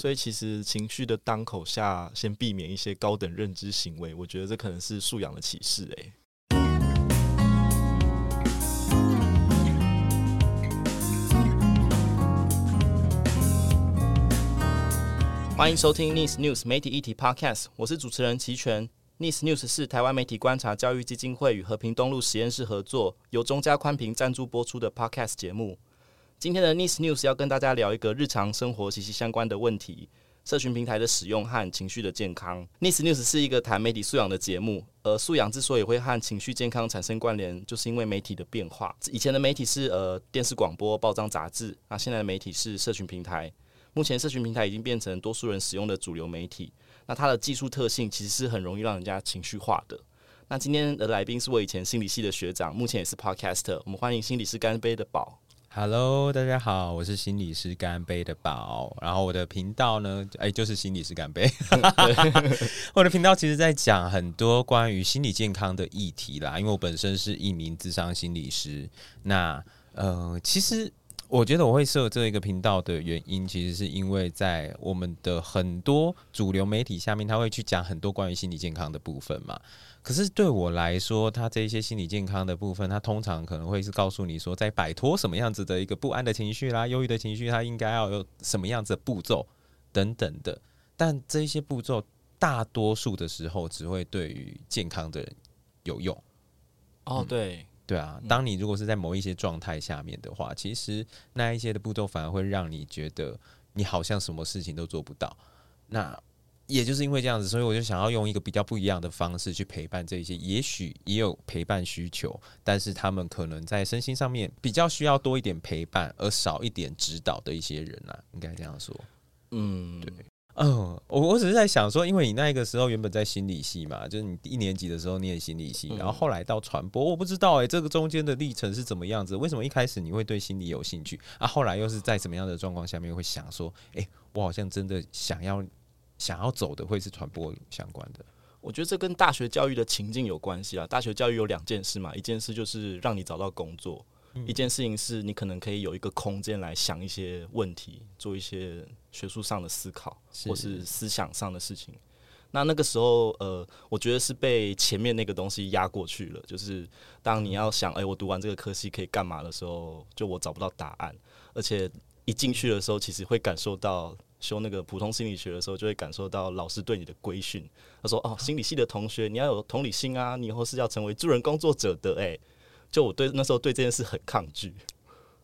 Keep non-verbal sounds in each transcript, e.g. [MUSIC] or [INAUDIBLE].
所以，其實情緒的當口下，先避免一些高等認知行為，我覺得這可能是素養的啟示。哎，歡迎收聽《News News》媒體議題 Podcast，我是主持人麒全。《News News》是台灣媒體觀察教育基金會與和平東路實驗室合作，由中嘉寬頻贊助播出的 Podcast 節目。今天的 Nice News 要跟大家聊一個日常生活息息相關的問題：社群平台的使用和情緒的健康。Nice News 是一個談媒體素養的節目，而素養之所以會和情緒健康產生關聯，就是因為媒體的變化。以前的媒體是呃電視、廣播、報章、雜誌，那現在的媒體是社群平台。目前社群平台已經變成多數人使用的主流媒體，那它的技術特性其實是很容易讓人家情緒化的。那今天的來賓是我以前心理系的學長，目前也是 Podcaster，我們歡迎心理師乾杯的寶。Hello，大家好，我是心理師乾杯的寶。然後我的頻道呢，哎、欸，就是心理師乾杯。 [LAUGHS] [LAUGHS] [LAUGHS] [LAUGHS] 我的頻道其實，在講很多關於心理健康的議題啦。因為我本身是一名諮商心理師，那呃，其實我覺得我會設這一個頻道的原因，其實是因為在我們的很多主流媒體下面，他會去講很多關於心理健康的部分嘛。可是對我來說，他這一些心理健康的部分，他通常可能會是告訴你說，在擺脫什麼樣子的一個不安的情緒啦、憂鬱的情緒，他應該要有什麼樣子的步驟等等的。但這些步驟大多數的時候，只會對於健康的人有用。哦，對。嗯，對啊，當你如果是在某一些狀態下面的話，嗯，其實那一些的步驟反而會讓你覺得，你好像什麼事情都做不到。那也就是因為這樣子，所以我就想要用一個比較不一樣的方式去陪伴這一些，也許也有陪伴需求，但是他們可能在身心上面比較需要多一點陪伴而少一點指導的一些人啊，應該這樣說。嗯，對，嗯、呃，我我只是在想說，因為你那個時候原本在心理系嘛，就是你一年級的時候念心理系，然後後來到傳播，我不知道哎、欸，這個中間的歷程是怎麼樣子？為什麼一開始你會對心理有興趣啊？後來又是在什麼樣的狀況下面會想說，哎、欸，我好像真的想要。想要走的會是傳播相關的，我覺得這跟大學教育的情境有關係啊。大學教育有兩件事嘛，一件事就是讓你找到工作，嗯、一件事情是你可能可以有一個空間來想一些問題，做一些學術上的思考是或是思想上的事情。那那個時候，呃，我覺得是被前面那個東西壓過去了。就是當你要想，哎、嗯欸，我讀完這個科系可以幹嘛的時候，就我找不到答案，而且一進去的時候，其實會感受到。修那個普通心理學的時候，就會感受到老師對你的規訓。他說：“哦，心理系的同學，你要有同理心啊，你以後是要成為助人工作者的。”哎，就我對那時候對這件事很抗拒。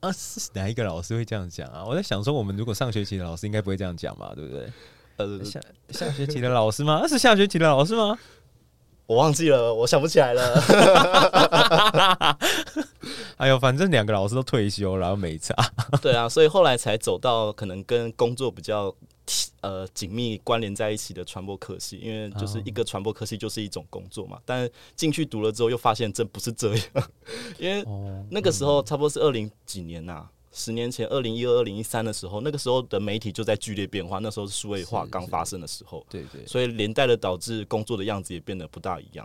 啊，是哪一個老師會這樣講啊？我在想說，我們如果上學期的老師應該不會這樣講吧？對不對？對，呃，下下學期的老師嗎？那 [LAUGHS] 是下學期的老師嗎？ [LAUGHS] 我忘記了，我想不起來了。 [LAUGHS] [LAUGHS] 哎呦，反正兩個老師都退休，然後沒差。對啊，所以後來才走到可能跟工作比較呃緊密關聯在一起的傳播科系，因為就是一個傳播科系就是一種工作嘛。嗯、但進去讀了之後，又發現這不是這樣，因為那個時候差不多是二零幾年吶、啊哦嗯，十年前，二零一二、二零一三的時候，那個時候的媒體就在劇烈變化，那時候是數位化剛發生的時候，是是對，對對，所以連帶的導致工作的樣子也變得不大一樣。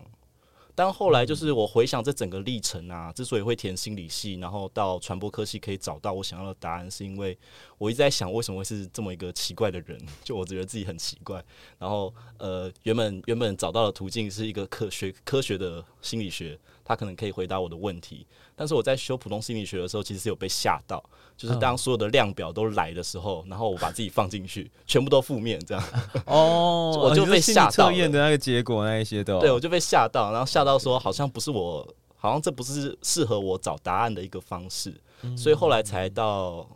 但後來就是我回想這整個歷程啊，之所以會填心理系，然後到傳播科系可以找到我想要的答案，是因為我一直在想為什麼會是這麼一個奇怪的人，就我覺得自己很奇怪。然後呃，原本原本找到的途徑是一個科學科學的心理學，它可能可以回答我的問題。但是我在修普通心理學的時候，其實是有被嚇到，就是當所有的量表都來的時候，oh. 然後我把自己放進去， [LAUGHS] 全部都負面這樣。哦、 [LAUGHS] oh，我就被嚇到。測驗的那個結果那一些的，對，我就被嚇到，然後嚇到說好像不是我，好像這不是適合我找答案的一個方式，mm -hmm. 所以後來才到，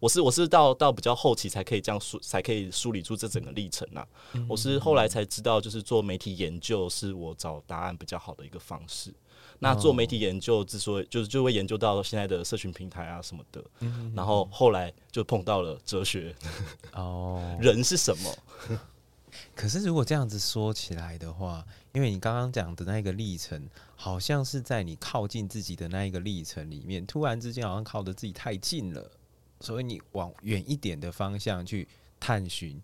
我是我是到到比較後期才可以這樣梳，才可以梳理出這整個歷程啊。Mm -hmm. 我是後來才知道，就是做媒體研究是我找答案比較好的一個方式。那做媒體研究，之所以就是就會研究到現在的社群平台啊什麼的，然後後來就碰到了哲學，哦，人是什麼？可是如果這樣子說起來的話，因為你剛剛講的那個歷程，好像是在你靠近自己的那一個歷程裡面，突然之間好像靠得自己太近了，所以你往遠一點的方向去探尋，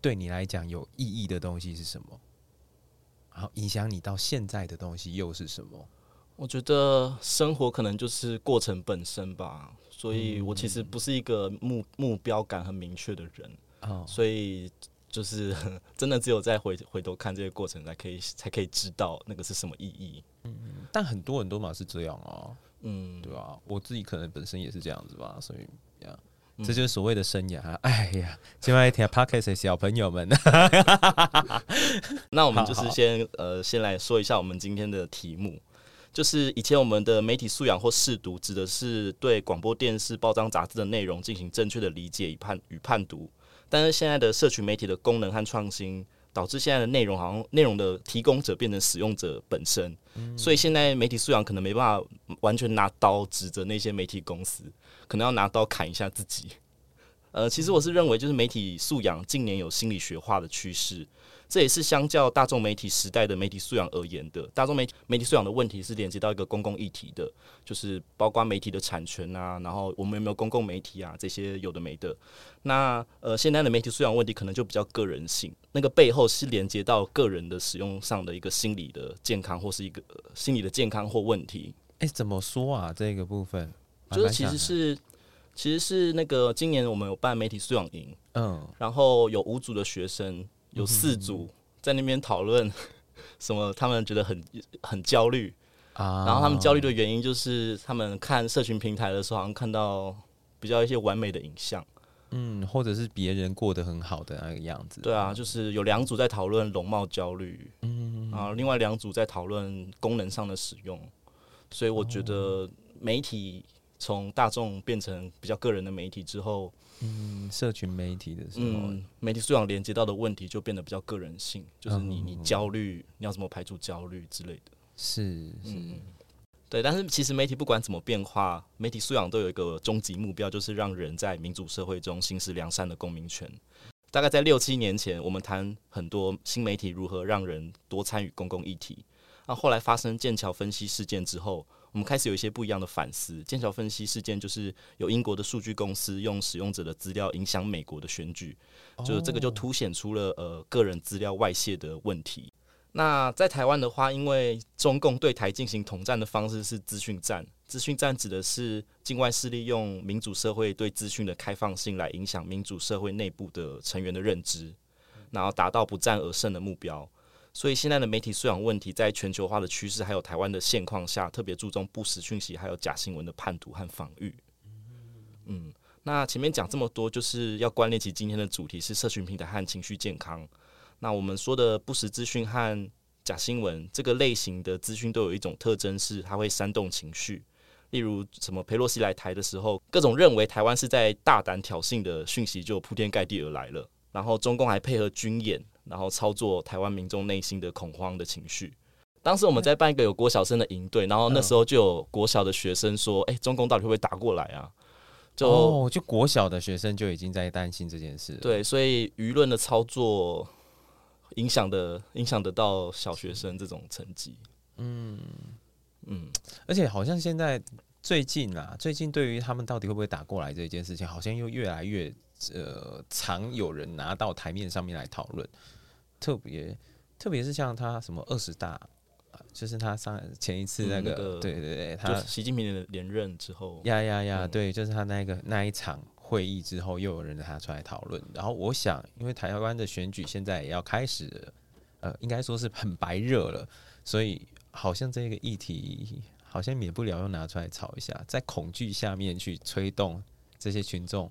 對你來講有意義的東西是什麼？然後影響你到現在的東西又是什麼？我覺得生活可能就是過程本身吧，所以我其實不是一個目目標感很明確的人啊、嗯，所以就是真的只有在回回頭看這些過程，才可以才可以知道那個是什麼意義。嗯、但很多很多嘛是這樣啊、哦，嗯，對吧？我自己可能本身也是這樣子吧，所以 yeah, 這就是所謂的生涯。哎呀，今晚要聽 podcast 的小朋友們， [LAUGHS] [LAUGHS] [LAUGHS] [LAUGHS] 那我們就是先好好呃先來說一下我們今天的題目。就是以前我們的媒體素養或識讀，指的是對廣播電視、報章、雜誌的內容進行正確的理解與判與判讀。但是現在的社群媒體的功能和創新，導致現在的內容好像內容的提供者變成使用者本身。嗯、所以現在媒體素養可能沒辦法完全拿刀指着那些媒體公司，可能要拿刀砍一下自己。呃，其實我是認為，就是媒體素養近年有心理學化的趨勢。這也是相較大眾媒體時代的媒體素養而言的。大眾媒體媒體素養的問題是連接到一個公共議題的，就是包括媒體的產權啊，然後我們有沒有公共媒體啊，這些有的沒的。那呃，現在的媒體素養問題可能就比較個人性，那個背後是連接到個人的使用上的一個心理的健康或是一個心理的健康或問題。誒，怎麼說啊？這個部分蠻蠻就是其實是其實是那個今年我們有辦媒體素養營，嗯，然後有五組的學生。有四組在那邊討論什麼，他們覺得很很焦慮啊。然後他們焦慮的原因就是他們看社群平台的時候，好像看到比較一些完美的影像，嗯，或者是別人過得很好的那個樣子。對啊，就是有兩組在討論容貌焦慮，嗯，然後另外兩組在討論功能上的使用。所以我覺得媒體從大眾變成比較個人的媒體之後。嗯，社群媒體的時候，嗯，媒體素養連接到的問題就變得比較個人性，就是你，哦，你焦慮，你要怎麼排除焦慮之類的。是，是，嗯，對。但是其實媒體不管怎麼變化，媒體素養都有一個終極目標，就是讓人在民主社會中行使良善的公民權。大概在六七年前，我們談很多新媒體如何讓人多參與公共議題。那，啊，後來發生劍橋分析事件之後。我們開始有一些不一樣的反思。劍橋分析事件就是有英國的數據公司用使用者的資料影響美國的選舉，就是這個就凸顯出了呃個人資料外洩的問題。那在台灣的話，因為中共對台進行統戰的方式是資訊戰，資訊戰指的是境外勢力用民主社會對資訊的開放性來影響民主社會內部的成員的認知，然後達到不戰而勝的目標。所以現在的媒體素養問題，在全球化的趨勢還有台灣的現況下，特別注重不實訊息還有假新聞的判讀和防禦。嗯，那前面講這麼多，就是要關聯起今天的主題是社群平台和情緒健康。那我們說的不實資訊和假新聞這個類型的資訊，都有一種特徵是它會煽動情緒。例如，什麼裴洛西來台的時候，各種認為台灣是在大膽挑釁的訊息就鋪天蓋地而來了。然後中共還配合軍演。然後操作台灣民眾內心的恐慌的情緒。當時我們在辦一個有國小生的營隊，然後那時候就有國小的學生說：“哎、欸，中共到底會不會打過來啊？”就、哦、就國小的學生就已經在擔心這件事。對，所以輿論的操作影響的，影響得到小學生這種成績。嗯嗯，而且好像現在最近啊，最近對於他們到底會不會打過來這件事情，好像又越來越。呃，常有人拿到台面上面來討論，特別特別是像他什麼二十大，就是他上前一次、那個嗯、那個，對對對，他、就是、習近平的連任之後，呀呀呀，嗯、對，就是他那個那一場會議之後，又有人拿出來討論。然後我想，因為台灣的選舉現在也要開始，呃，應該說是很白熱了，所以好像這個議題好像免不了要拿出來炒一下，在恐懼下面去推動這些群眾。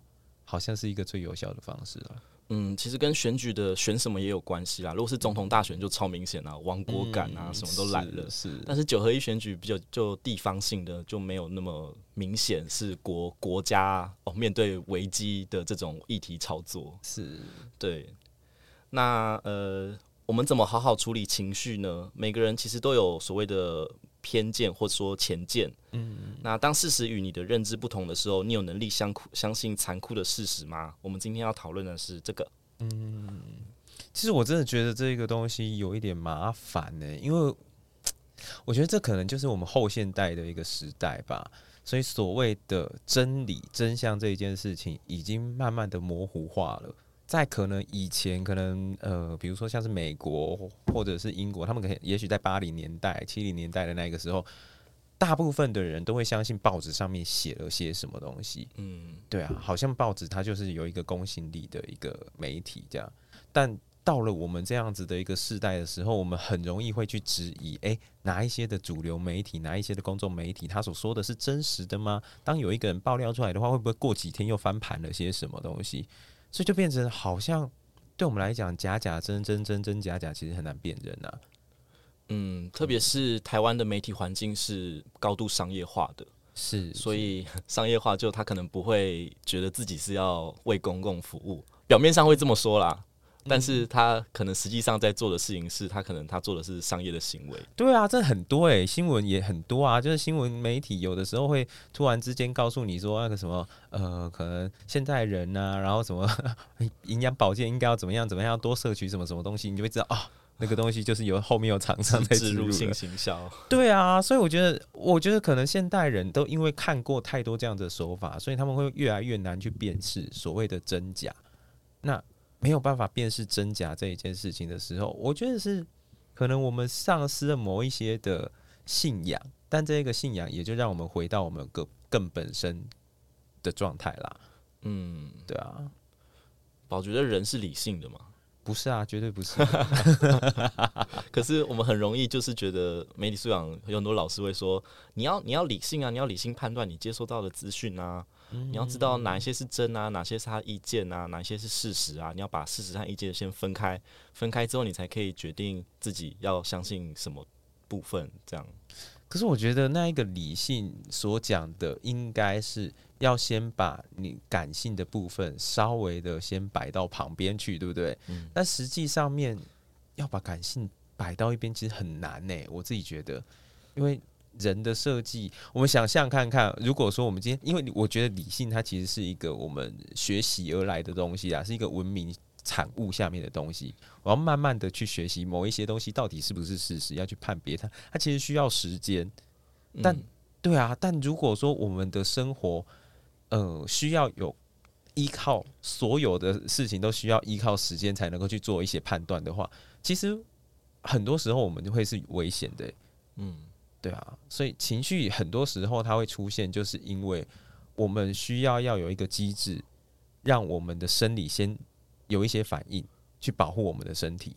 好像是一個最有效的方式啊。嗯，其實跟選舉的選什麼也有關係啦。如果是總統大選，就超明顯啊，亡國感啊，什麼都來了。嗯，是，是，但是九合一選舉比較就地方性的，就沒有那麼明顯是國國家哦面對危機的這種議題操作。是。對。那呃，我們怎麼好好處理情緒呢？每個人其實都有所謂的。偏見，或者說前見。嗯，那當事實與你的認知不同的時候，你有能力相相相信殘酷的事實嗎？我們今天要討論的是這個。嗯，其實我真的覺得這個東西有一點麻煩呢，因為我覺得這可能就是我們後現代的一個時代吧。所以所謂的真理、真相這一件事情，已經慢慢的模糊化了。在可能以前，可能呃，比如說像是美國或者是英國，他們可能也許在八零年代、七零年代的那個時候，大部分的人都會相信報紙上面寫了些什麼東西。嗯，對啊，好像報紙它就是有一個公信力的一個媒體這樣。但到了我們這樣子的一個世代的時候，我們很容易會去質疑：誒、欸，哪一些的主流媒體，哪一些的公眾媒體，他所說的是真實的嗎？當有一個人爆料出來的話，會不會過幾天又翻盤了些什麼東西？所以就變成好像對我們來講，假假真真真真假假，其實很難辨認吶、啊。嗯，特別是台灣的媒體環境是高度商業化的是，是，所以商業化就他可能不會覺得自己是要為公共服務，表面上會這麼說啦。但是他可能實際上在做的事情是，他可能他做的是商業的行為。對啊，這很多哎、欸，新聞也很多啊。就是新聞媒體有的時候會突然之間告訴你說那個什麼呃，可能現代人呢、啊，然後什麼營養保健應該要怎麼樣怎麼樣，多攝取什麼什麼東西，你就會知道啊、哦，那個東西就是有後面有廠商在置入性行銷。對啊，所以我覺得，我覺得可能現代人都因為看過太多這樣的手法，所以他們會越來越難去辨識所謂的真假。那，沒有辦法辨識真假這一件事情的時候，我覺得是可能我們喪失了某一些的信仰，但這個信仰也就讓我們回到我們個更本身的狀態啦。嗯，對啊，寶覺得人是理性的嗎？不是啊，絕對不是。 [LAUGHS] [LAUGHS] [LAUGHS] 可是我們很容易就是覺得媒體素養有很多老師會說，你要你要理性啊，你要理性判斷你接收到的資訊啊。你要知道哪一些是真啊，嗯，哪些是他意見啊，哪些是事實啊？你要把事實和意見先分開，分開之後你才可以決定自己要相信什麼部分。這樣。可是我覺得那一個理性所講的，應該是要先把你感性的部分稍微的先擺到旁邊去，對不對？嗯，但實際上面要把感性擺到一邊，其實很難呢、欸。我自己覺得，因為。人的設計，我們想像看看，如果說我們今天，因為我覺得理性它其實是一個我們學習而來的東西啊，是一個文明產物下面的東西。我要慢慢的去學習某一些東西到底是不是事實，要去判別它。它其實需要時間。但、嗯、對啊，但如果說我們的生活，呃，需要有依靠，所有的事情都需要依靠時間才能夠去做一些判斷的話，其實很多時候我們就會是危險的、欸。嗯。對啊，所以情緒很多時候它會出現，就是因為我們需要要有一個機制，讓我們的生理先有一些反應，去保護我們的身體。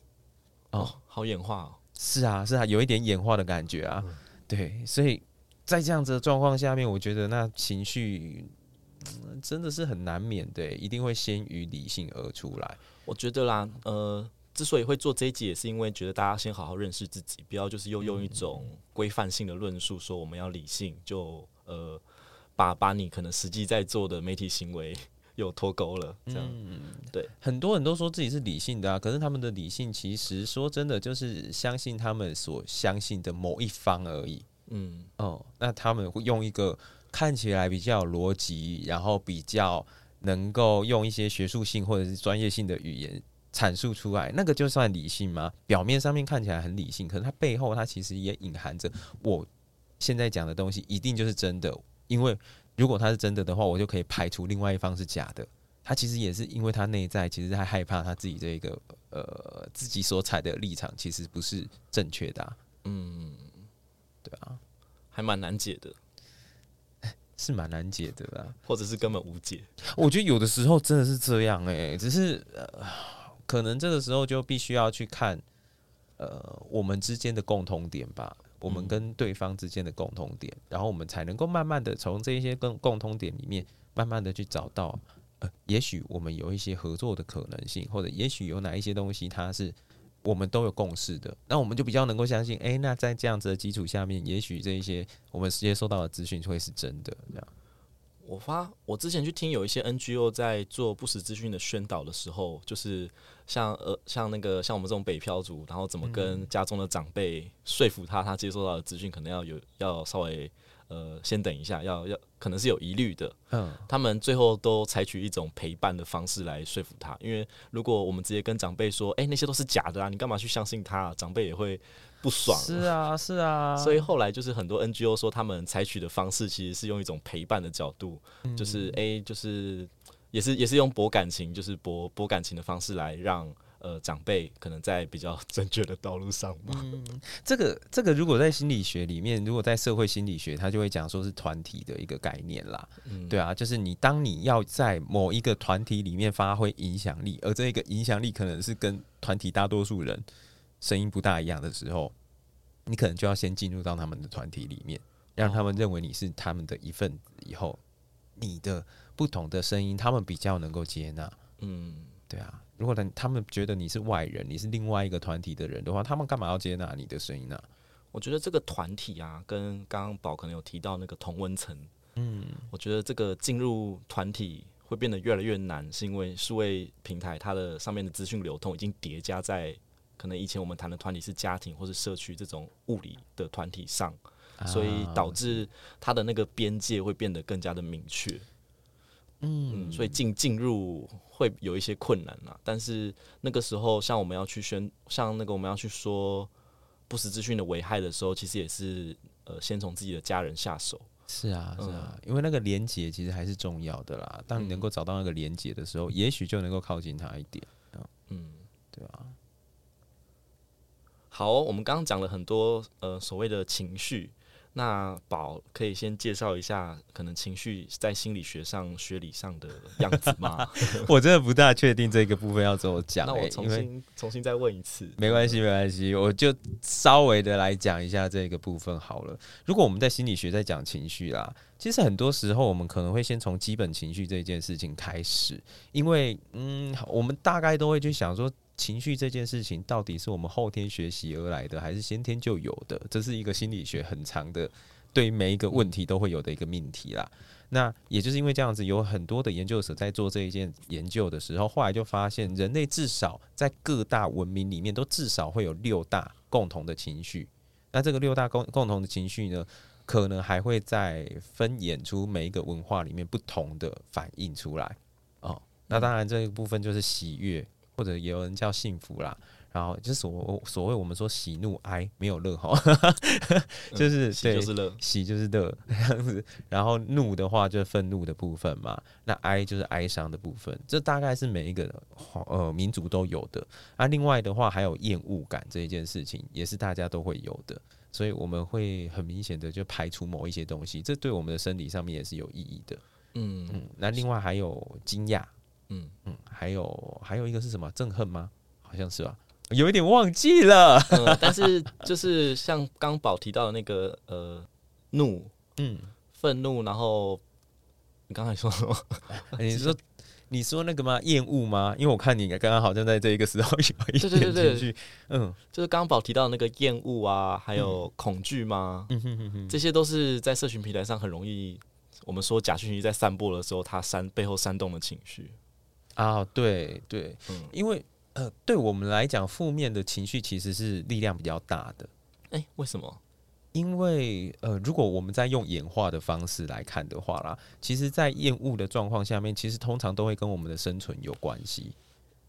Oh, 哦，好演化哦。是啊，是啊，有一點演化的感覺啊。嗯、對，所以在這樣子的狀況下面，我覺得那情緒、嗯、真的是很難免的，一定會先於理性而出來。我覺得啦，呃。之所以會做這一集，也是因為覺得大家先好好認識自己，不要就是又用一種規範性的論述說我們要理性，就呃把把你可能實際在做的媒體行為又脫鈎了。這樣，嗯，對，很多人都說自己是理性的啊，可是他們的理性其實說真的就是相信他們所相信的某一方而已。嗯，哦，那他們會用一個看起來比較有邏輯，然後比較能夠用一些學術性或者是專業性的語言。闡述出來，那個就算理性嗎？表面上面看起來很理性，可是他背後，他其實也隱含着，我現在講的東西一定就是真的，因為如果它是真的的話，我就可以排除另外一方是假的。他其實也是因為他內在，其實他害怕他自己這個呃自己所採的立場其實不是正確的，啊，嗯，對啊，還蠻難解的，是蠻難解的吧？或者是根本無解？我覺得有的時候真的是這樣，欸，哎，只是。呃可能這個時候就必須要去看，呃，我們之間的共同點吧，我們跟對方之間的共同點，嗯，然後我們才能夠慢慢的從這些跟共通點裡面，慢慢的去找到，呃，也許我們有一些合作的可能性，或者也許有哪一些東西，它是我們都有共識的，那我們就比較能夠相信，哎，欸，那在這樣子的基礎下面，也許這些我們直接收到的資訊會是真的，這樣。我發，我之前去聽有一些 NGO 在做不實資訊的宣導的時候，就是像呃像那個像我們這種北漂族，然後怎麼跟家中的長輩說服他，他接收到的資訊可能要有要稍微。呃，先等一下，要要可能是有疑慮的。嗯，他們最後都採取一種陪伴的方式來說服他，因為如果我們直接跟長輩說，哎、欸，那些都是假的啊，你幹嘛去相信他，啊？長輩也會不爽。是啊，是啊。 [LAUGHS] 所以後來就是很多 NGO 說，他們採取的方式其實是用一種陪伴的角度，就是哎，就是，欸就是，也是也是用博感情，就是博博感情的方式來讓。呃，長輩可能在比較正確的道路上吧。嗯，這個這個，如果在心理學裡面，如果在社會心理學，他就會講說是團體的一個概念啦。嗯，對啊，就是你當你要在某一個團體裡面發揮影響力，而這個影響力可能是跟團體大多數人聲音不大一樣的時候，你可能就要先進入到他們的團體裡面，讓他們認為你是他們的一份子，以後你的不同的聲音，他們比較能夠接納。嗯，對啊。如果他他們覺得你是外人，你是另外一個團體的人的話，他們幹嘛要接納你的聲音呢？啊？我覺得這個團體啊，跟剛剛寶可能有提到那個同溫層，嗯，我覺得這個進入團體會變得越來越難，是因為數位平台它的上面的資訊流通已經疊加在可能以前我們談的團體是家庭或是社區這種物理的團體上、嗯，所以導致它的那個邊界會變得更加的明確。嗯，所以進進入會有一些困難啦。但是那個時候，像我們要去宣，像那個我們要去說不實資訊的危害的時候，其實也是呃，先從自己的家人下手。是啊，是啊，嗯、因為那個連結其實還是重要的啦。當你能夠找到那個連結的時候，嗯、也許就能夠靠近他一點。啊、嗯，對吧、啊？好、哦，我們剛剛講了很多呃，所謂的情緒。那寶可以先介紹一下可能情緒在心理學上學理上的樣子嗎？ [LAUGHS] 我真的不大確定這個部分要怎麼講。 [LAUGHS] 那我重新重新再問一次。沒關係，沒關係，我就稍微的來講一下這個部分好了。如果我們在心理學在講情緒啦，其實很多時候我們可能會先從基本情緒這件事情開始，因為嗯，我們大概都會去想說。情緒這件事情到底是我們後天學習而來的，還是先天就有的？這是一個心理學很長的，對於每一個問題都會有的一個命題啦。那也就是因為這樣子，有很多的研究者在做這一件研究的時候，後來就發現，人類至少在各大文明裡面都至少會有六大共同的情緒。那這個六大共共同的情緒呢，可能還會再分衍出每一個文化裡面不同的反應出來哦，那當然，這個部分就是喜悅。嗯或者也有人叫幸福啦，然後就所所謂我們說喜怒哀沒有樂哈， [LAUGHS] 就是喜、嗯、就是樂，喜就是樂那樣子，然後怒的話就是憤怒的部分嘛，那哀就是哀傷的部分，這大概是每一個呃民族都有的。那、啊、另外的話還有厭惡感這一件事情，也是大家都會有的，所以我們會很明顯的就排除某一些東西，這對我們的生理上面也是有意義的。嗯嗯，那另外還有驚訝。嗯嗯，還有還有一個是什麼憎恨嗎？好像是吧、啊，有一點忘記了。嗯、但是就是像剛寶提到的那個呃怒嗯憤怒，然後你剛才說什麼？說欸、你說你說那個嗎？厭惡嗎？因為我看你剛剛好像在這一個時候有一點情緒。對對對對，嗯，就是剛寶提到的那個厭惡啊，還有恐懼嗎、嗯嗯哼哼哼？這些都是在社群平台上很容易，我們說假訊息在散播的時候，他煽背後煽動的情緒。啊，oh，對對，嗯，因為呃，對我們來講，負面的情緒其實是力量比較大的。哎，為什麼？因為呃，如果我們在用演化的方式來看的話啦，其實在厭惡的狀況下面，其實通常都會跟我們的生存有關係。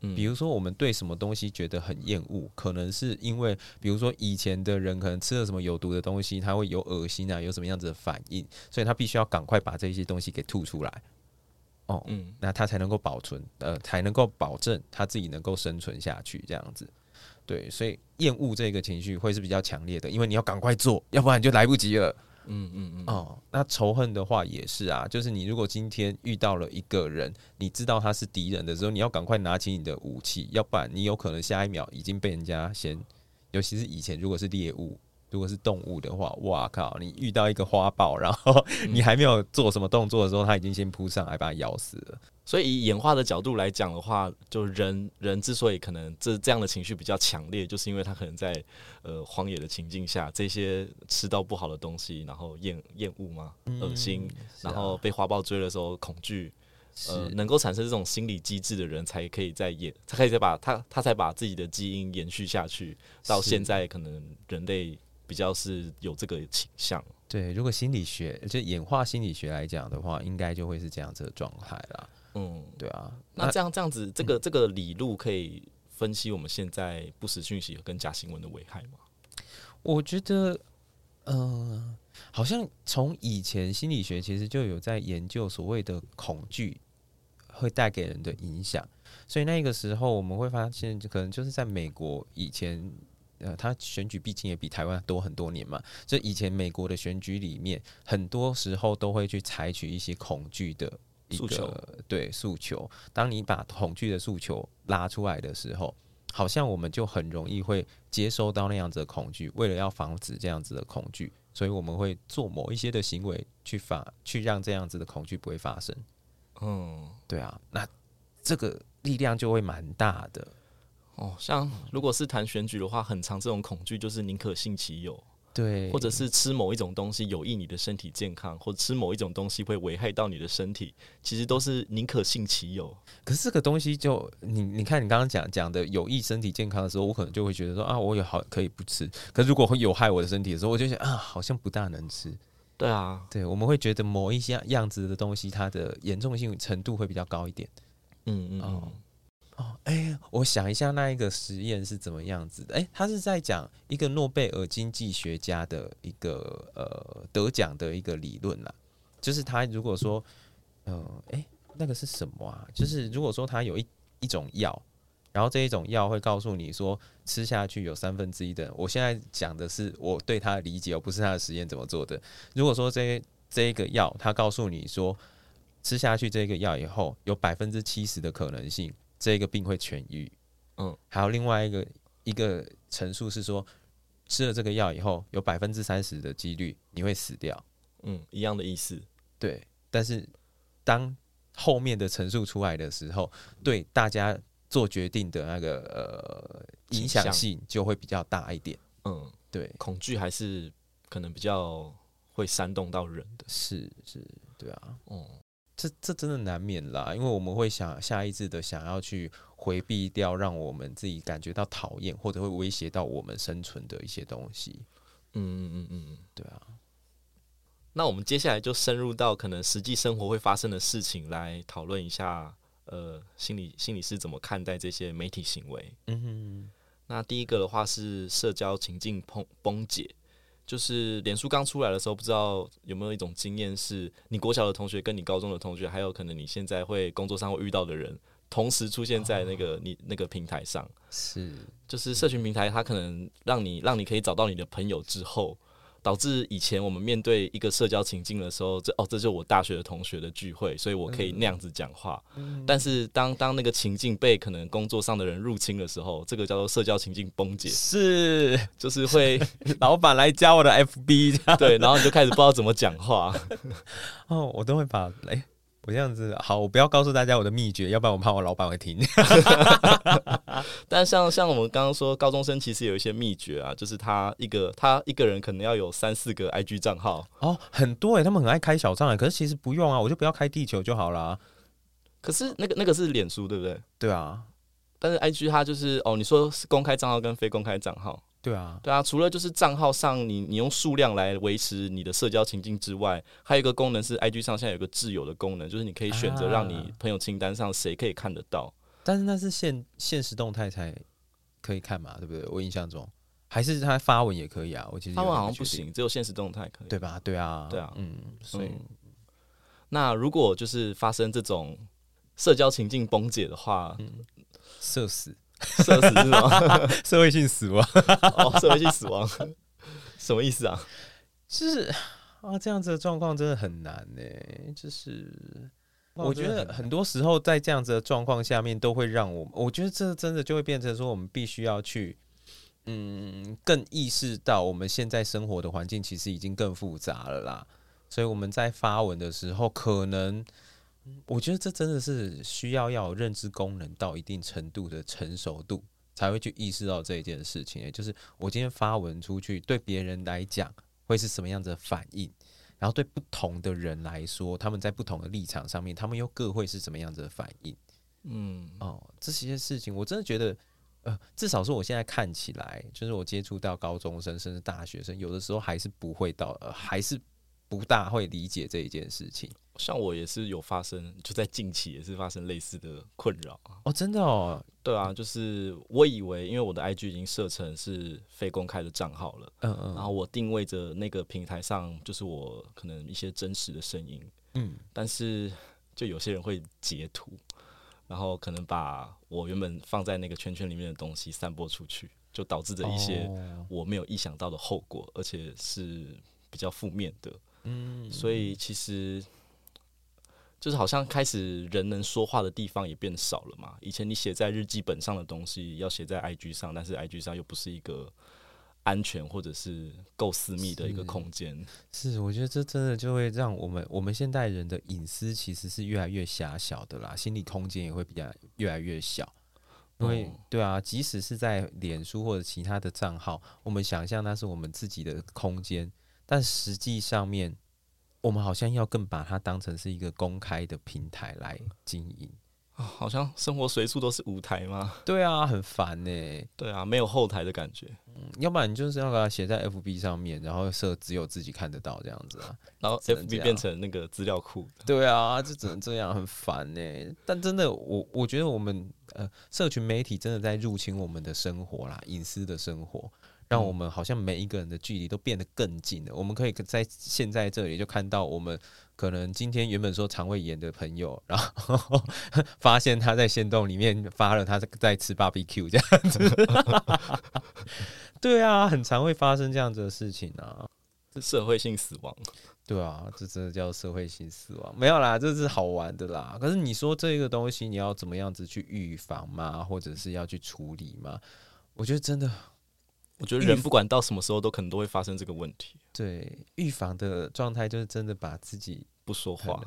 嗯，比如說我們對什麼東西覺得很厭惡，可能是因為，比如說以前的人可能吃了什麼有毒的東西，他會有噁心啊，有什麼樣子的反應，所以他必須要趕快把這些東西給吐出來。哦，嗯，那他才能夠保存，呃，才能夠保證他自己能夠生存下去，這樣子，對，所以厭惡這個情緒會是比較強烈的，因為你要趕快做，要不然你就來不及了，嗯嗯嗯，哦，那仇恨的話也是啊，就是你如果今天遇到了一個人，你知道他是敵人的時候，你要趕快拿起你的武器，要不然你有可能下一秒已經被人家先，尤其是以前如果是獵物。如果是動物的話，哇靠！你遇到一個花豹，然後你還沒有做什麼動作的時候，嗯、它已經先撲上來把它咬死了。所以，以演化的角度來講的話，就人人之所以可能這這樣的情緒比較強烈，就是因為他可能在呃荒野的情境下，這些吃到不好的東西，然後厭厭惡嘛，噁心、嗯啊，然後被花豹追的時候恐懼、呃，能夠產生這種心理機制的人，才可以在演，才可以再把他他才把自己的基因延續下去。到現在，可能人類。比較是有這個傾向，對。如果心理學就演化心理學來講的話，應該就會是這樣子的狀態啦。嗯，對啊。那這樣那這樣子，這個、嗯、這個理路可以分析我們現在不實訊息和跟假新聞的危害嗎？我覺得，嗯、呃，好像從以前心理學其實就有在研究所謂的恐懼會帶給人的影響，所以那個時候我們會發現，可能就是在美國以前，呃，他選舉畢竟也比台灣多很多年嘛。這以，以前美國的選舉裡面，很多時候都會去採取一些恐懼的一個，對，訴求。當你把恐懼的訴求拉出來的時候，好像我們就很容易會接收到那樣子的恐懼。為了要防止這樣子的恐懼，所以我們會做某一些的行為去發去讓這樣子的恐懼不會發生。嗯，對啊，那這個力量就會蠻大的。哦，像如果是談選舉的話，很常這種恐懼就是寧可信其有，對，或者是吃某一種東西有益你的身體健康，或者吃某一種東西會危害到你的身體，其實都是寧可信其有。可是這個東西就你，你看你剛剛講講的有益身體健康的時候，我可能就會覺得說啊，我有好可以不吃。可是如果會有害我的身體的時候，我就想啊，好像不大能吃。對啊，對，我們會覺得某一些樣子的東西，它的嚴重性程度會比較高一點。嗯嗯嗯。哦。哦，哎、欸，我想一下那一個實驗是怎麼樣子的？哎、欸，他是在講一個諾貝爾經濟學家的一個呃得獎的一個理論啦，就是他如果說，嗯、呃，哎、欸，那個是什麼啊？就是如果說他有一一種藥，然後這一種藥會告訴你說吃下去有三分之一的人，我現在講的是我對他的理解，而不是他的實驗怎麼做的。如果說這這一個藥，他告訴你說吃下去這個藥以後有，有百分之七十的可能性。這個病會痊癒。嗯，還有另外一個一個陳述是說，吃了這個藥以後，有百分之三十的幾率你會死掉。嗯，一樣的意思。對，但是當後面的陳述出來的時候，對大家做決定的那個呃影響性就會比較大一點。嗯，對，恐懼還是可能比較會煽動到人的。是，是對啊。嗯。這這真的難免啦，因為我們會想下意識的想要去回避掉讓我們自己感覺到討厭或者會威脅到我們生存的一些東西。嗯嗯嗯嗯，對啊。那我們接下來就深入到可能實際生活會發生的事情來討論一下，呃，心理心理師怎麼看待這些媒體行為。嗯哼嗯。那第一個的話是社交情境崩解，就是臉書剛出來的時候，不知道有沒有一種經驗是，你國小的同學跟你高中的同學，還有可能你現在會工作上會遇到的人，同時出現在那個你那個平台上。是，就是社群平台，它可能讓你讓你可以找到你的朋友之後。導致以前我們面對一個社交情境的時候，這哦，這就是我大學的同學的聚會，所以我可以那樣子講話。嗯嗯。但是當當那個情境被可能工作上的人入侵的時候，這個叫做社交情境崩解，是，就是會 [LAUGHS] 老闆來加我的 FB，這樣子。對，然後你就開始不知道怎麼講話。 [LAUGHS] 哦，我都會把、哎我這樣子好，我不要告訴大家我的秘訣，要不然我怕我老板會聽。 [LAUGHS] [LAUGHS] 但像像我們剛剛說，高中生其實有一些秘訣啊，就是他一個他一個人可能要有三四個 IG 賬號哦，很多哎、欸，他們很愛開小賬啊、欸，可是其實不用啊，我就不要開地球就好啦。可是那個那個是臉書對不對？對啊，但是 IG 它就是哦，你說是公開賬號跟非公開賬號。對啊，對啊，除了就是賬號上你你用數量來維持你的社交情境之外，還有一個功能是，IG 上現在有個自由的功能，就是你可以選擇讓你朋友清單上誰可以看得到。啊、但是那是限限時動態才可以看嘛，對不對？我印象中還是他發文也可以啊。我其實發文好像不，好像不行，只有限時動態可以，對吧？對啊，對啊，嗯，所以、嗯、那如果就是發生這種社交情境崩解的話，社、嗯、死。社死是嗎？ [LAUGHS] 社會性死亡， [LAUGHS] 哦，社會性死亡， [LAUGHS] 什麼意思啊？就是啊，這樣子的狀況真的很難欸。就是我覺、我覺得很多時候在這樣子的狀況下面，都會讓我們，我覺得這真的就會變成說，我們必須要去，嗯，更意識到我們現在生活的環境其實已經更複雜了啦。所以我們在發文的時候，可能。我覺得這真的是需要要有認知功能到一定程度的成熟度，才會去意識到這一件事情。也就是我今天發文出去，對別人來講會是什麼樣子的反應？然後對不同的人來說，他們在不同的立場上面，他們又各會是什麼樣子的反應？嗯，哦，這些事情我真的覺得，呃，至少是我現在看起來，就是我接觸到高中生甚至大學生，有的時候還是不會到，呃，還是不大會理解這一件事情。像我也是有發生，就在近期也是發生類似的困擾。哦，真的哦，對啊，就是我以為因為我的 IG 已經設成是非公開的賬號了，嗯嗯，然後我定位着那個平台上就是我可能一些真實的聲音，嗯，但是就有些人會截圖，然後可能把我原本放在那個圈圈裡面的東西散播出去，就導致着一些我沒有意想到的後果，哦，而且是比較負面的，嗯，嗯，嗯，所以其實。就是好像開始人能說話的地方也變少了嘛。以前你寫在日記本上的東西要寫在 IG 上，但是 IG 上又不是一個安全或者是夠私密的一個空間。是，我覺得這真的就會讓我們我們現代人的隱私其實是越來越狹小的啦，心理空間也會比較越來越小。因為對啊，即使是在臉書或者其他的賬號，我們想象那是我們自己的空間，但實際上面。我們好像要更把它當成是一個公開的平台來經營。好像生活隨處都是舞台嗎？對啊，很煩呢。對啊，沒有後台的感覺。嗯，要不然你就是要把它寫在 FB 上面，然後設只有自己看得到這樣子啊。然後 FB 變成那個資料庫。對啊，就只能這樣，很煩呢。但真的，我我覺得我們呃，社群媒體真的在入侵我們的生活啦，隱私的生活。讓我們好像每一個人的距離都變得更近了。我們可以在現在這裡就看到，我們可能今天原本說腸胃炎的朋友，然後發現他在限動裡面發了他在吃 BBQ 這樣子。 [LAUGHS] [LAUGHS] 對啊，很常會發生這樣子的事情啊，這社會性死亡。對啊，這真的叫社會性死亡。沒有啦，這是好玩的啦。可是你說這個東西，你要怎麼樣子去預防嗎？或者是要去處理嗎？我覺得真的。我覺得人不管到什麼時候都可能都會發生這個問題。對，預防的狀態就是真的把自己不說話。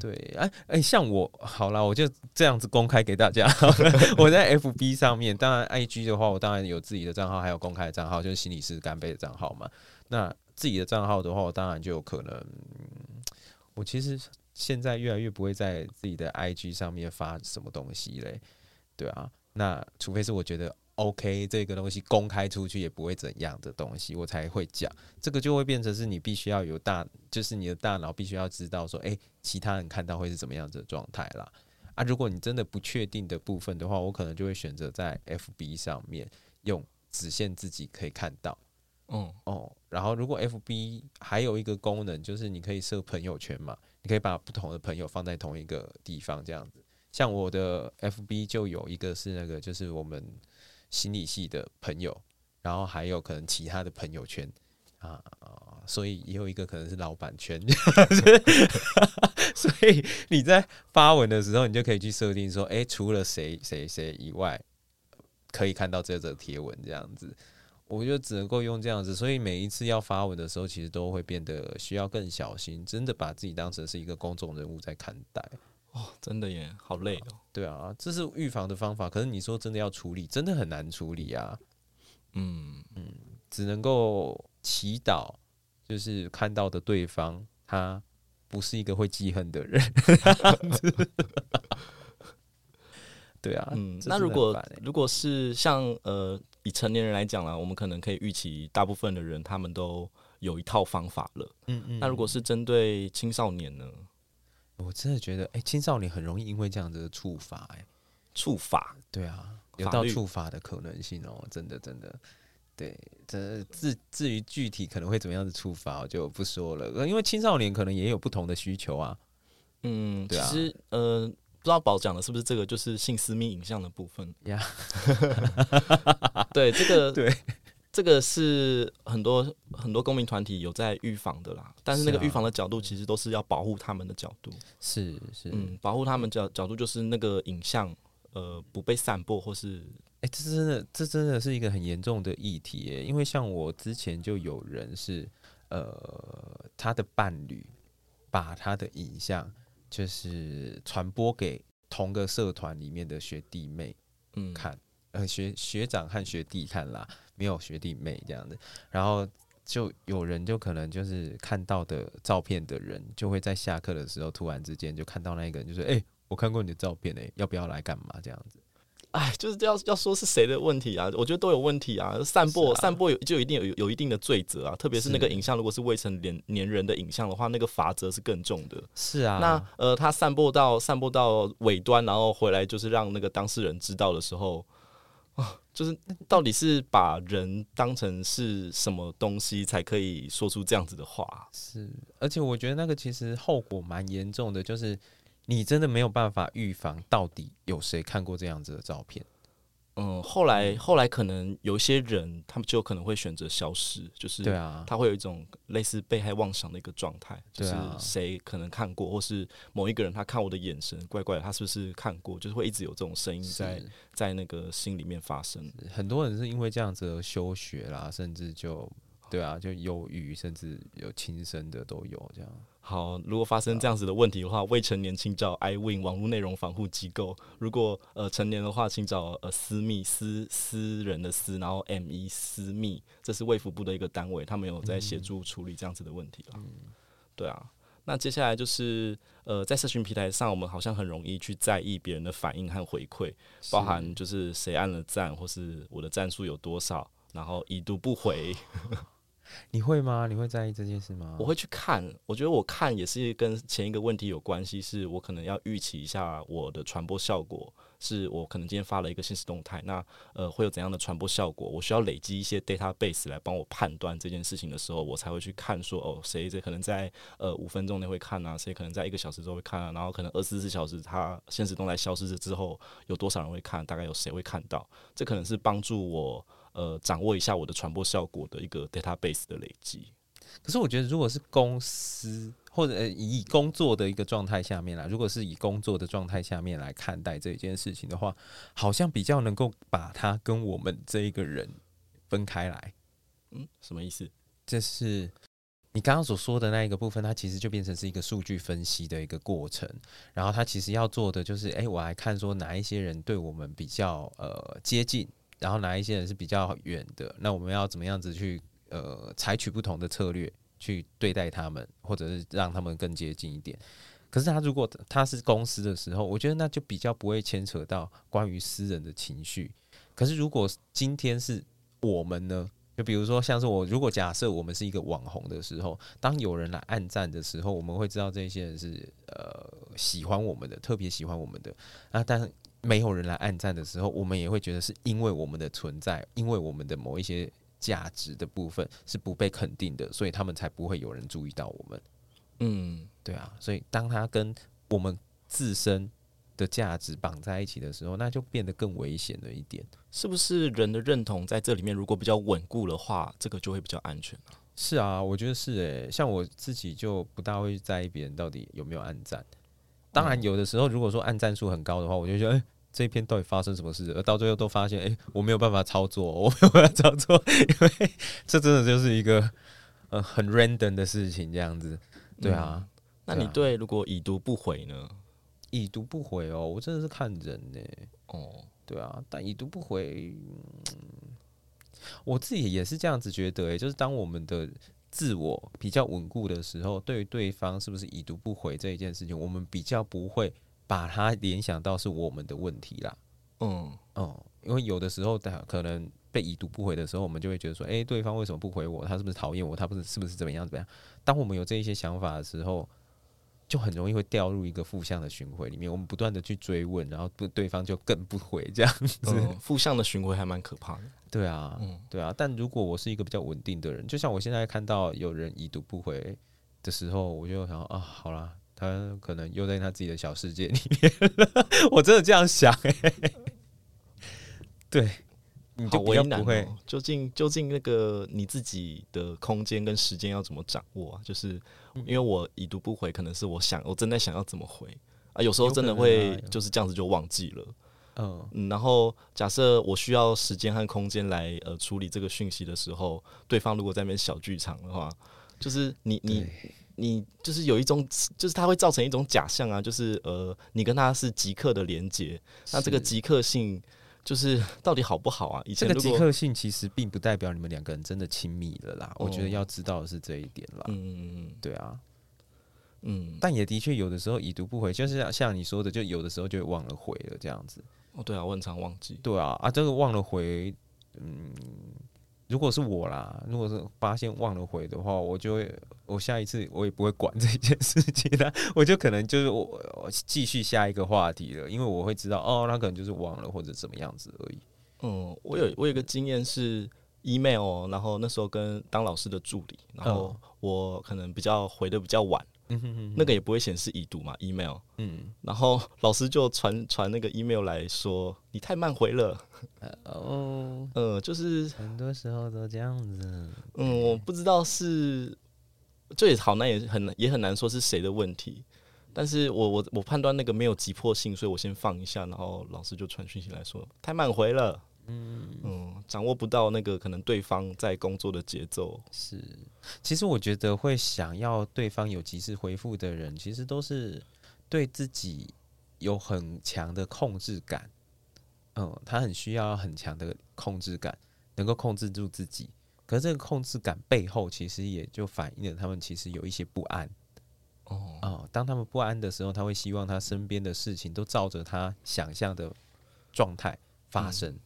對，哎、欸、哎、欸，像我好啦，我就這樣子公開給大家。 [LAUGHS] 我在 FB 上面，當然 IG 的話，我當然有自己的賬號，還有公開賬號，就是心理師乾杯的賬號嘛。那自己的賬號的話，我當然就有可能。我其實現在越來越不會在自己的 IG 上面發什麼東西嘞，對啊，那除非是我覺得。OK，這個東西公開出去也不會怎樣的東西，我才會講。這個就會變成是你必須要有大，就是你的大腦必須要知道說，誒、欸，其他人看到會是怎麼樣子的狀態啦。啊，如果你真的不確定的部分的話，我可能就會選擇在 FB 上面用只限自己可以看到。嗯哦，然後如果 FB 還有一個功能，就是你可以設朋友圈嘛，你可以把不同的朋友放在同一個地方這樣子。像我的 FB 就有一個是那個，就是我們。心理系的朋友，然後還有可能其他的朋友圈啊，所以也有一個可能是老闆圈， [LAUGHS] 所以你在發文的時候，你就可以去設定說，誒、欸，除了誰誰誰以外，可以看到這則貼文這樣子，我就只能夠用這樣子，所以每一次要發文的時候，其實都會變得需要更小心，真的把自己當成是一個公眾人物在看待。哦，真的耶，好累哦。對啊，這是預防的方法。可是你說真的要處理，真的很難處理啊。嗯嗯，只能夠祈禱，就是看到的對方他不是一個會記恨的人。 [LAUGHS] [LAUGHS] 對啊 [LAUGHS] 對啊，嗯。欸、那如果如果是像呃，以成年人來講啦，我們可能可以預期大部分的人他們都有一套方法了。嗯嗯。那如果是針對青少年呢？我真的覺得，哎、欸，青少年很容易因為這樣子的觸發、欸，哎，觸發，對啊，有到觸發的可能性哦、喔，真的，真的，對，這至至於具體可能會怎麼樣子觸發，我就不說了，因為青少年可能也有不同的需求啊，嗯，對啊，其實，呃，不知道寶講的是不是這個，就是性私密影像的部分呀？Yeah. [LAUGHS] [LAUGHS] 對，這個對。這個是很多很多公民團體有在預防的啦，但是那個預防的角度其實都是要保護他們的角度，是是、啊，嗯，保護他們角角度就是那個影像呃不被散播或是哎、欸，這真的這真的是一個很嚴重的議題耶，因為像我之前就有人是呃他的伴侶把他的影像就是傳播給同個社團裡面的學弟妹嗯看，嗯呃學學長和學弟看啦。沒有學弟妹這樣子，然後就有人就可能就是看到的照片的人，就會在下課的時候突然之間就看到那個人，就是哎、欸，我看過你的照片哎、欸，要不要來幹嘛這樣子？哎，就是要要說是誰的問題啊？我覺得都有問題啊，散播、啊、散播有就有一定有有一定的罪責啊，特別是那個影像如果是未成年年人的影像的話，那個罰則是更重的。是啊，那呃，他散播到散播到尾端，然後回來就是讓那個當事人知道的時候。就是到底是把人當成是什麼東西才可以說出這樣子的話？是，而且我覺得那個其實後果蠻嚴重的，就是你真的沒有辦法預防，到底有誰看過這樣子的照片。嗯，後來後來可能有一些人，他們就可能會選擇消失，就是他會有一種類似被害妄想的一個狀態，就是誰可能看過，或是某一個人他看我的眼神怪怪的，他是不是看過？就是會一直有這種聲音在在那個心裡面發生。很多人是因為這樣子而休學啦，甚至就。對啊，就憂鬱，甚至有輕生的都有這樣。好，如果發生這樣子的問題的話，啊、未成年請找 iwin 網絡內容防護機構；如果呃成年的話，請找呃私密私私人的私，然後 ME 私密，這是衛福部的一個單位，他們有在協助處理這樣子的問題了、嗯。對啊，那接下來就是呃，在社群平台上，我們好像很容易去在意別人的反應和回饋，包含就是誰按了讚，或是我的讚數有多少，然後已讀不回。啊你會嗎？你會在意這件事嗎？我會去看。我覺得我看也是跟前一個問題有關係，是我可能要預期一下我的傳播效果，是我可能今天發了一個限時動態，那呃會有怎樣的傳播效果？我需要累積一些 database 來幫我判斷這件事情的時候，我才會去看說，哦，誰這可能在呃五分鐘內會看啊？誰可能在一個小時之後會看啊？然後可能二十四小時他限時動態消失之後，有多少人會看？大概有誰會看到？這可能是幫助我。呃，掌握一下我的傳播效果的一個 database 的累積。可是我覺得，如果是公司或者、呃、以工作的一個狀態下面來，如果是以工作的狀態下面來看待這件事情的話，好像比較能夠把它跟我們這一個人分開來。嗯，什麼意思？這、就是你剛剛所說的那一個部分，它其實就變成是一個數據分析的一個過程。然後它其實要做的就是，哎、欸，我來看說哪一些人對我們比較呃接近。然後哪一些人是比較遠的？那我們要怎麼樣子去呃採取不同的策略去對待他們，或者是讓他們更接近一點？可是他如果他是公司的時候，我覺得那就比較不會牽扯到關於私人的情緒。可是如果今天是我們呢？就比如說像是我，如果假設我們是一個網紅的時候，當有人來按讚的時候，我們會知道這些人是呃喜歡我們的，特別喜歡我們的啊，那但是。沒有人來按讚的時候，我們也會覺得是因爲我們的存在，因爲我們的某一些價值的部分是不被肯定的，所以他們才不會有人注意到我們。嗯，對啊，所以當他跟我們自身的價值綁在一起的時候，那就變得更危險了一點。是不是人的認同在這裡面，如果比較穩固的話，這個就會比較安全啊？是啊，我覺得是誒，像我自己就不大會在意別人到底有沒有按讚。當然，有的時候如果說按讚數很高的話，我就覺得。哎這一篇到底發生什麼事？而到最後都發現，哎，欸，我沒有辦法操作，我沒有辦法操作，因為這真的就是一個呃很 random 的事情，這樣子，對啊，嗯，對啊。那你對如果已讀不回呢？已讀不回哦，我真的是看人呢，欸，哦，對啊。但已讀不回，嗯，我自己也是這樣子覺得，欸，誒，就是當我們的自我比較穩固的時候，對於，對對方是不是已讀不回這一件事情，我們比較不會。把它聯想到是我們的問題啦，嗯嗯，因為有的時候的可能被已讀不回的時候，我們就會覺得說，哎、欸，對方為什麼不回我？他是不是討厭我？他不是是不是怎麼樣怎麼樣？當我們有這一些想法的時候，就很容易會掉入一個負向的循環裡面。我們不斷的去追問，然後對對方就更不回這樣子。負、嗯、向的循環還蠻可怕的。對啊、嗯，對啊。但如果我是一個比較穩定的人，就像我現在看到有人已讀不回的時候，我就想啊，好啦。他可能又在他自己的小世界裡面， [LAUGHS] 我真的這樣想哎。 [LAUGHS] 對，你就比較不會好為難喔。不會，究竟究竟那個你自己的空間跟時間要怎麼掌握啊？就是因為我已讀不回，可能是我想，我正在想要怎麼回啊。有時候真的會就是這樣子就忘記了。啊、嗯，然後假設我需要時間和空間來呃處理這個訊息的時候，對方如果在那邊小劇場的話，就是你你。你就是有一種，就是它會造成一種假象啊，就是呃，你跟他是即刻的連接，那這個即刻性就是到底好不好啊？以前這個即刻性其實並不代表你們兩個人真的親密了啦、嗯，我覺得要知道的是這一點啦。嗯，對啊，嗯，但也的確有的時候已讀不回，就是像你說的，就有的時候就會忘了回了這樣子。哦，對啊，我很常忘記。對啊，啊，這個忘了回，嗯。如果是我啦，如果是發現忘了回的話，我就會我下一次我也不會管這件事情啦、啊，我就可能就是我繼續下一個話題了，因為我會知道哦，那可能就是忘了或者怎麼樣子而已。嗯，我有我有一個經驗是 email，然後那時候跟當老師的助理，然後我可能比較回的比較晚。嗯 [LAUGHS] 那個也不會顯示已讀嘛，email。嗯，然後老師就傳傳那個 email 來說，你太慢回了。哦，uh, oh，呃，就是很多時候都這樣子。嗯，我不知道是這也好那也很也很難說是誰的問題，但是我我我判斷那個沒有急迫性，所以我先放一下，然後老師就傳訊息來說，太慢回了。嗯嗯，掌握不到那個可能對方在工作的節奏。是，其實我覺得會想要對方有及時回復的人，其實都是對自己有很強的控制感。嗯，他很需要很強的控制感，能夠控制住自己。可是這個控制感背後，其實也就反映了他們其實有一些不安。哦，嗯，當他們不安的時候，他會希望他身邊的事情都照着他想象的狀態發生。嗯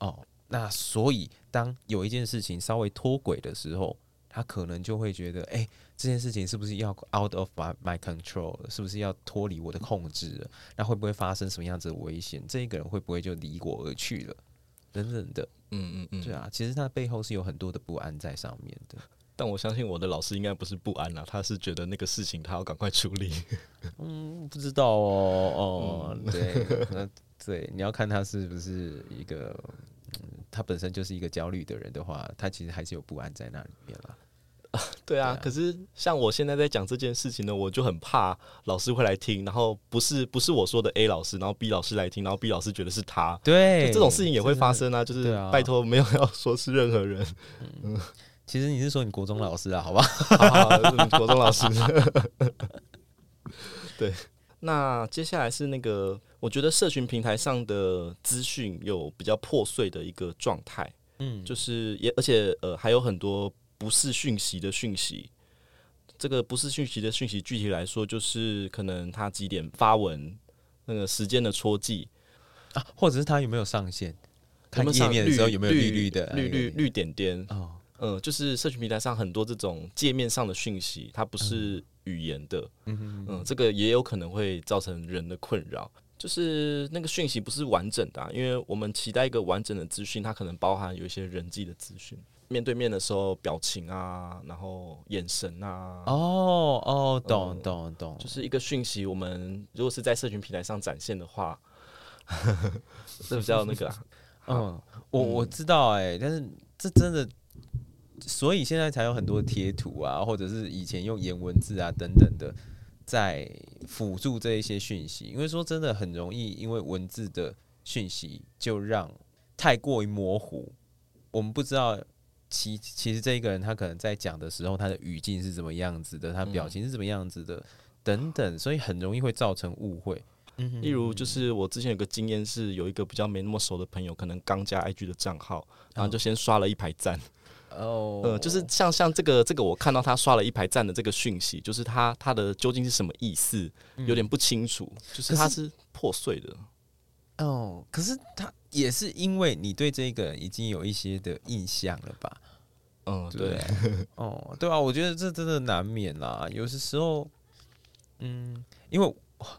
哦、oh,，那所以當有一件事情稍微脫軌的時候，他可能就會覺得，哎、欸，這件事情是不是要 out of my control，是不是要脫離我的控制了？嗯、那會不會發生什麼樣子的危險？這一個人會不會就離我而去了？等等的，嗯嗯嗯，對啊，其實他背後是有很多的不安在上面的。但我相信我的老師應該不是不安啦、啊，他是覺得那個事情他要趕快處理。 [LAUGHS] 嗯，不知道哦哦、嗯，對，那對，你要看他是不是一個、嗯，他本身就是一個焦慮的人的話，他其實還是有不安在那裡面了、啊啊。對啊，可是像我現在在講這件事情呢，我就很怕老師會來聽，然後不是不是我說的 A 老師，然後 B 老師來聽，然後 B 老師覺得是他，對，這種事情也會發生啊，是是就是、啊、拜托，沒有要說是任何人嗯。嗯，其實你是說你國中老師啊，好吧，好好好 [LAUGHS] 就是你國中老師。 [LAUGHS] [LAUGHS] 對，那接下來是那個，我覺得社群平台上的資訊有比較破碎的一個狀態，嗯，就是也而且呃還有很多不是訊息的訊息，這個不是訊息的訊息，具體來說就是可能他幾點發文，那個時間的戳記啊，或者是他有沒有上線，看頁面的時候有沒有綠綠的綠，綠綠綠點點，哦，嗯、呃，就是社群平台上很多這種界面上的訊息，它不是、嗯。語言的，嗯，這個也有可能會造成人的困擾，就是那個訊息不是完整的，啊，因為我們期待一個完整的資訊，它可能包含有一些人際的資訊，面對面的時候表情啊，然後眼神啊，哦哦，懂懂懂，呃，就是一個訊息，我們如果是在社群平台上展現的話， [LAUGHS] [LAUGHS] 是不是要那個，啊嗯，嗯，我我知道哎，欸，但是這真的。所以現在才有很多貼圖啊，或者是以前用顏文字啊等等的，在輔助這一些訊息。因為說真的，很容易因為文字的訊息就讓太過於模糊，我們不知道其其實這一個人他可能在講的時候，他的語境是怎麼樣子的，他表情是怎麼樣子的、嗯、等等，所以很容易會造成誤會。例如，就是我之前有個經驗是，有一個比較沒那麼熟的朋友，可能剛加 IG 的賬號，然後就先刷了一排讚。Oh. 哦、oh，呃，就是像像這個這個，我看到他刷了一排讚的這個訊息，就是他他的究竟是什麼意思、嗯，有點不清楚。就是他是破碎的，哦，oh, 可是他也是因為你對這個已經有一些的印象了吧？嗯、oh，對，哦、 [LAUGHS] oh，對啊，我覺得這真的難免啦、啊，有些時，時候，嗯，因為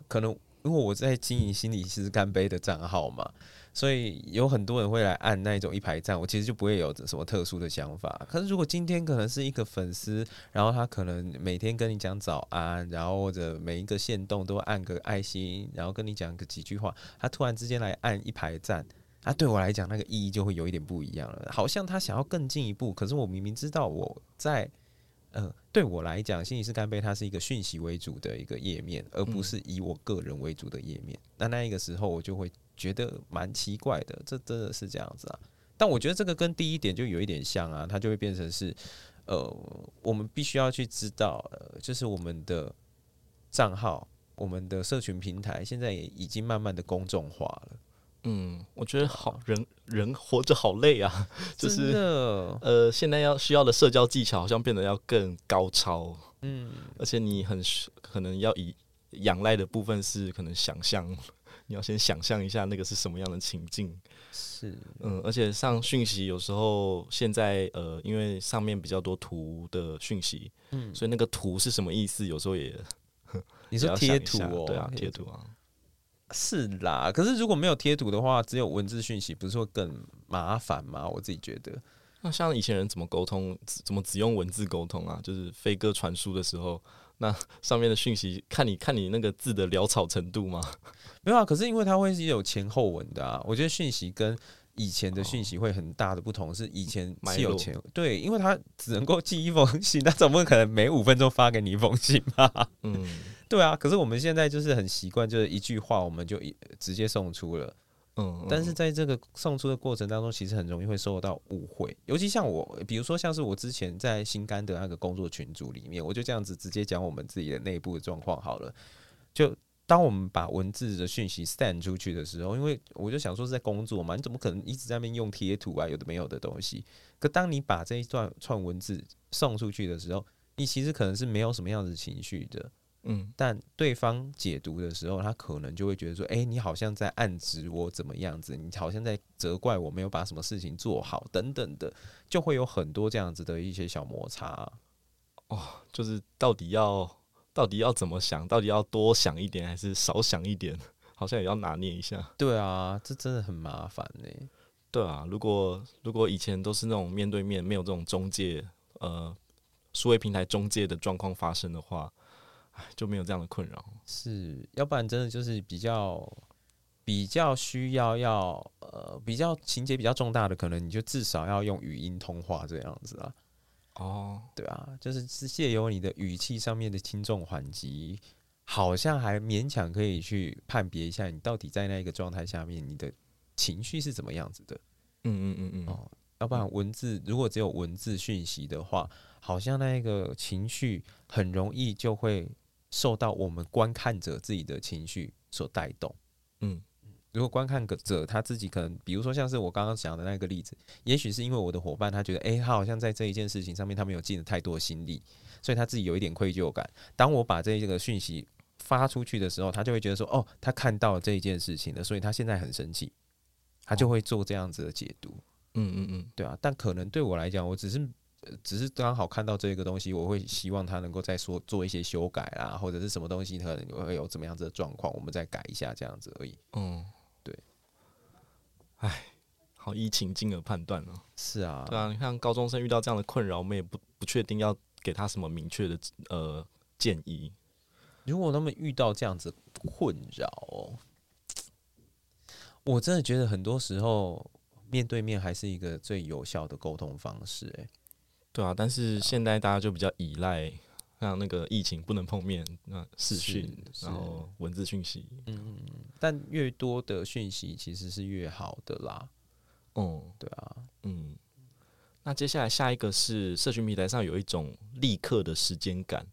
可能。如果我在經營心理師乾杯的賬號嘛，所以有很多人會來按那一種一排讚，我其實就不會有什麼特殊的想法。可是如果今天可能是一個粉絲，然後他可能每天跟你講早安，然後或者每一個限動都按個愛心，然後跟你講個幾句話，他突然之間來按一排讚，啊，對我來講那個意義就會有一點不一樣了，好像他想要更進一步。可是我明明知道我在，嗯、呃。對我來講，心理師乾杯，它是一個訊息為主的一個頁面，而不是以我個人為主的頁面。嗯、那那一個時候，我就會覺得蠻奇怪的，這真的是這樣子啊。但我覺得這個跟第一點就有一點像啊，它就會變成是，呃，我們必須要去知道，呃、就是我們的賬號、我們的社群平台，現在也已經慢慢的公眾化了。嗯，我覺得好人人活着好累啊， [LAUGHS] 就是呃，現在要需要的社交技巧好像變得要更高超。嗯，而且你很可能要以仰賴的部分是可能想象，你要先想象一下那個是什麼樣的情境。是，嗯，而且上訊息有時候現在呃，因為上面比較多圖的訊息，嗯，所以那個圖是什麼意思，有時候也，你說貼圖哦，喔啊，對啊，貼圖啊。是啦，可是如果沒有貼圖的話，只有文字訊息，不是會更麻煩嗎？我自己覺得，那像以前人怎麼溝通，怎麼只用文字溝通啊？就是飛鴿傳書的時候，那上面的訊息，看你看你那個字的潦草程度嗎？沒有啊，可是因為它會是有前後文的啊。我覺得訊息跟以前的訊息會很大的不同，哦、是以前蠻有錢。對，因為它只能夠寄一封信，那總不可能每五分鐘發給你一封信吧？嗯。對啊，可是我們現在就是很習慣，就是一句話我們就一直接送出了，嗯，但是在這個送出的過程當中，其實很容易會受到誤會。尤其像我，比如說像是我之前在新幹的那個工作群組裡面，我就這樣子直接講我們自己的內部的狀況好了。就當我們把文字的訊息散出去的時候，因為我就想說是在工作嘛，你怎麼可能一直在那邊用貼圖啊，有的沒有的東西？可當你把這一段串文字送出去的時候，你其實可能是沒有什麼樣子情緒的。嗯，但對方解讀的時候，他可能就會覺得說：“哎，你好像在暗指我怎麼樣子？你好像在責怪我沒有把什麼事情做好，等等的，就會有很多這樣子的一些小摩擦啊。”哦，就是到底要到底要怎麼想？到底要多想一點還是少想一點？好像也要拿捏一下。對啊，這真的很麻煩欸。對啊，如果如果以前都是那種面對面，沒有這種中介，呃，數位平台中介的狀況發生的話。就沒有這樣的困擾，是要不然真的就是比較比較需要要呃比較情節比較重大的，可能你就至少要用語音通話這樣子啊，哦，對啊，就是是借由你的語氣上面的輕重緩急，好像還勉強可以去判別一下你到底在那一個狀態下面你的情緒是怎麼樣子的，嗯嗯嗯嗯，哦，要不然文字如果只有文字訊息的話，好像那一個情緒很容易就會。受到我們觀看者自己的情緒所帶動，嗯，如果觀看者他自己可能，比如說像是我剛剛講的那個例子，也許是因為我的夥伴他覺得，哎、欸，他好像在這一件事情上面他沒有盡了太多的心力，所以他自己有一點愧疚感。當我把這個訊息發出去的時候，他就會覺得說，哦，他看到了這一件事情了，所以他現在很生氣，他就會做這樣子的解讀，嗯嗯嗯，對啊，但可能對我來講，我只是。只是剛好看到這個東西，我會希望他能夠再說做一些修改啊，或者是什麼東西可能會有怎麼樣子的狀況，我們再改一下這樣子而已。嗯，對。哎，好，依情境而判斷了、喔。是啊，對啊。你看高中生遇到這樣的困擾，我們也不不確定要給他什麼明確的呃建議。如果他們遇到這樣子困擾，我真的覺得很多時候面對面還是一個最有效的溝通方式、欸。哎。對啊，但是現在大家就比較依賴，讓那個疫情不能碰面，那視訊，然後文字訊息。嗯，但越多的訊息其實是越好的啦。哦，對啊，嗯。那接下來下一個是社群平台上有一種立刻的時間感，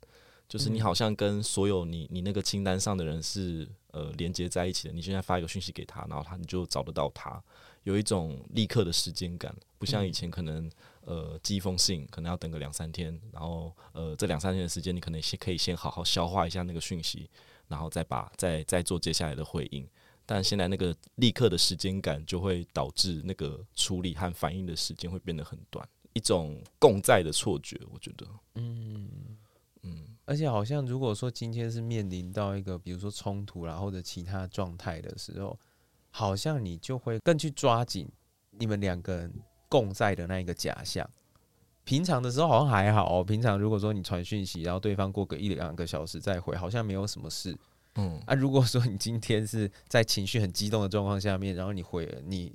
就是你好像跟所有你你那個清單上的人是呃連接在一起的。你現在發一個訊息給他，然後他你就找得到他，有一種立刻的時間感，不像以前可能。呃，寄封信可能要等個兩三天，然後呃，這兩三天的時間你可能先可以先好好消化一下那個訊息，然後再把再再做接下來的回應。但現在那個立刻的時間感就會導致那個處理和反應的時間會變得很短，一種共在的錯覺，我覺得。嗯嗯，而且好像如果說今天是面臨到一個比如說衝突啦或者其他狀態的時候，好像你就會更去抓緊你們兩個人。共在的那一個假象，平常的時候好像還好。平常如果說你傳訊息，然後對方過個一兩個小時再回，好像沒有什麼事。嗯，啊，如果說你今天是在情緒很激動的狀況下面，然後你回了，你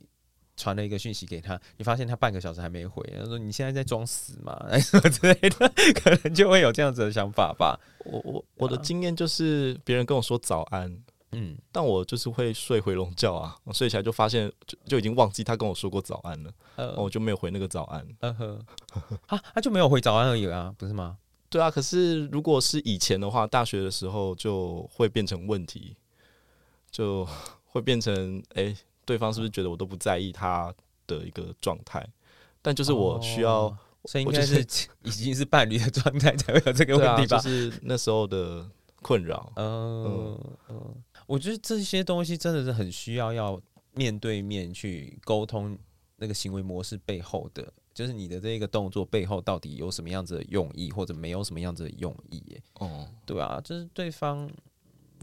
傳了一個訊息給他，你發現他半個小時還沒回，他就是說你現在在裝死嘛，什麼之類的，可能就會有這樣子的想法吧。我我我的經驗就是，別人跟我說早安。嗯，但我就是會睡回籠覺啊，我睡起來就發現就就已經忘記他跟我說過早安了，呃、我就沒有回那個早安。啊、呃，他就沒有回早安而已啦、啊，不是嗎？對啊，可是如果是以前的話，大學的時候就會變成問題，就會變成哎、欸，對方是不是覺得我都不在意他的一個狀態？但就是我需要，我、哦、所以應該是、就是、已經是伴侶的狀態才會有這個問題吧、啊？就是那時候的困擾、呃。嗯。呃我覺得這些東西真的是很需要要面對面去溝通，那個行為模式背後的就是你的這個動作背後到底有什麼樣子的用意，或者沒有什麼樣子的用意耶哦，oh. 對啊，就是對方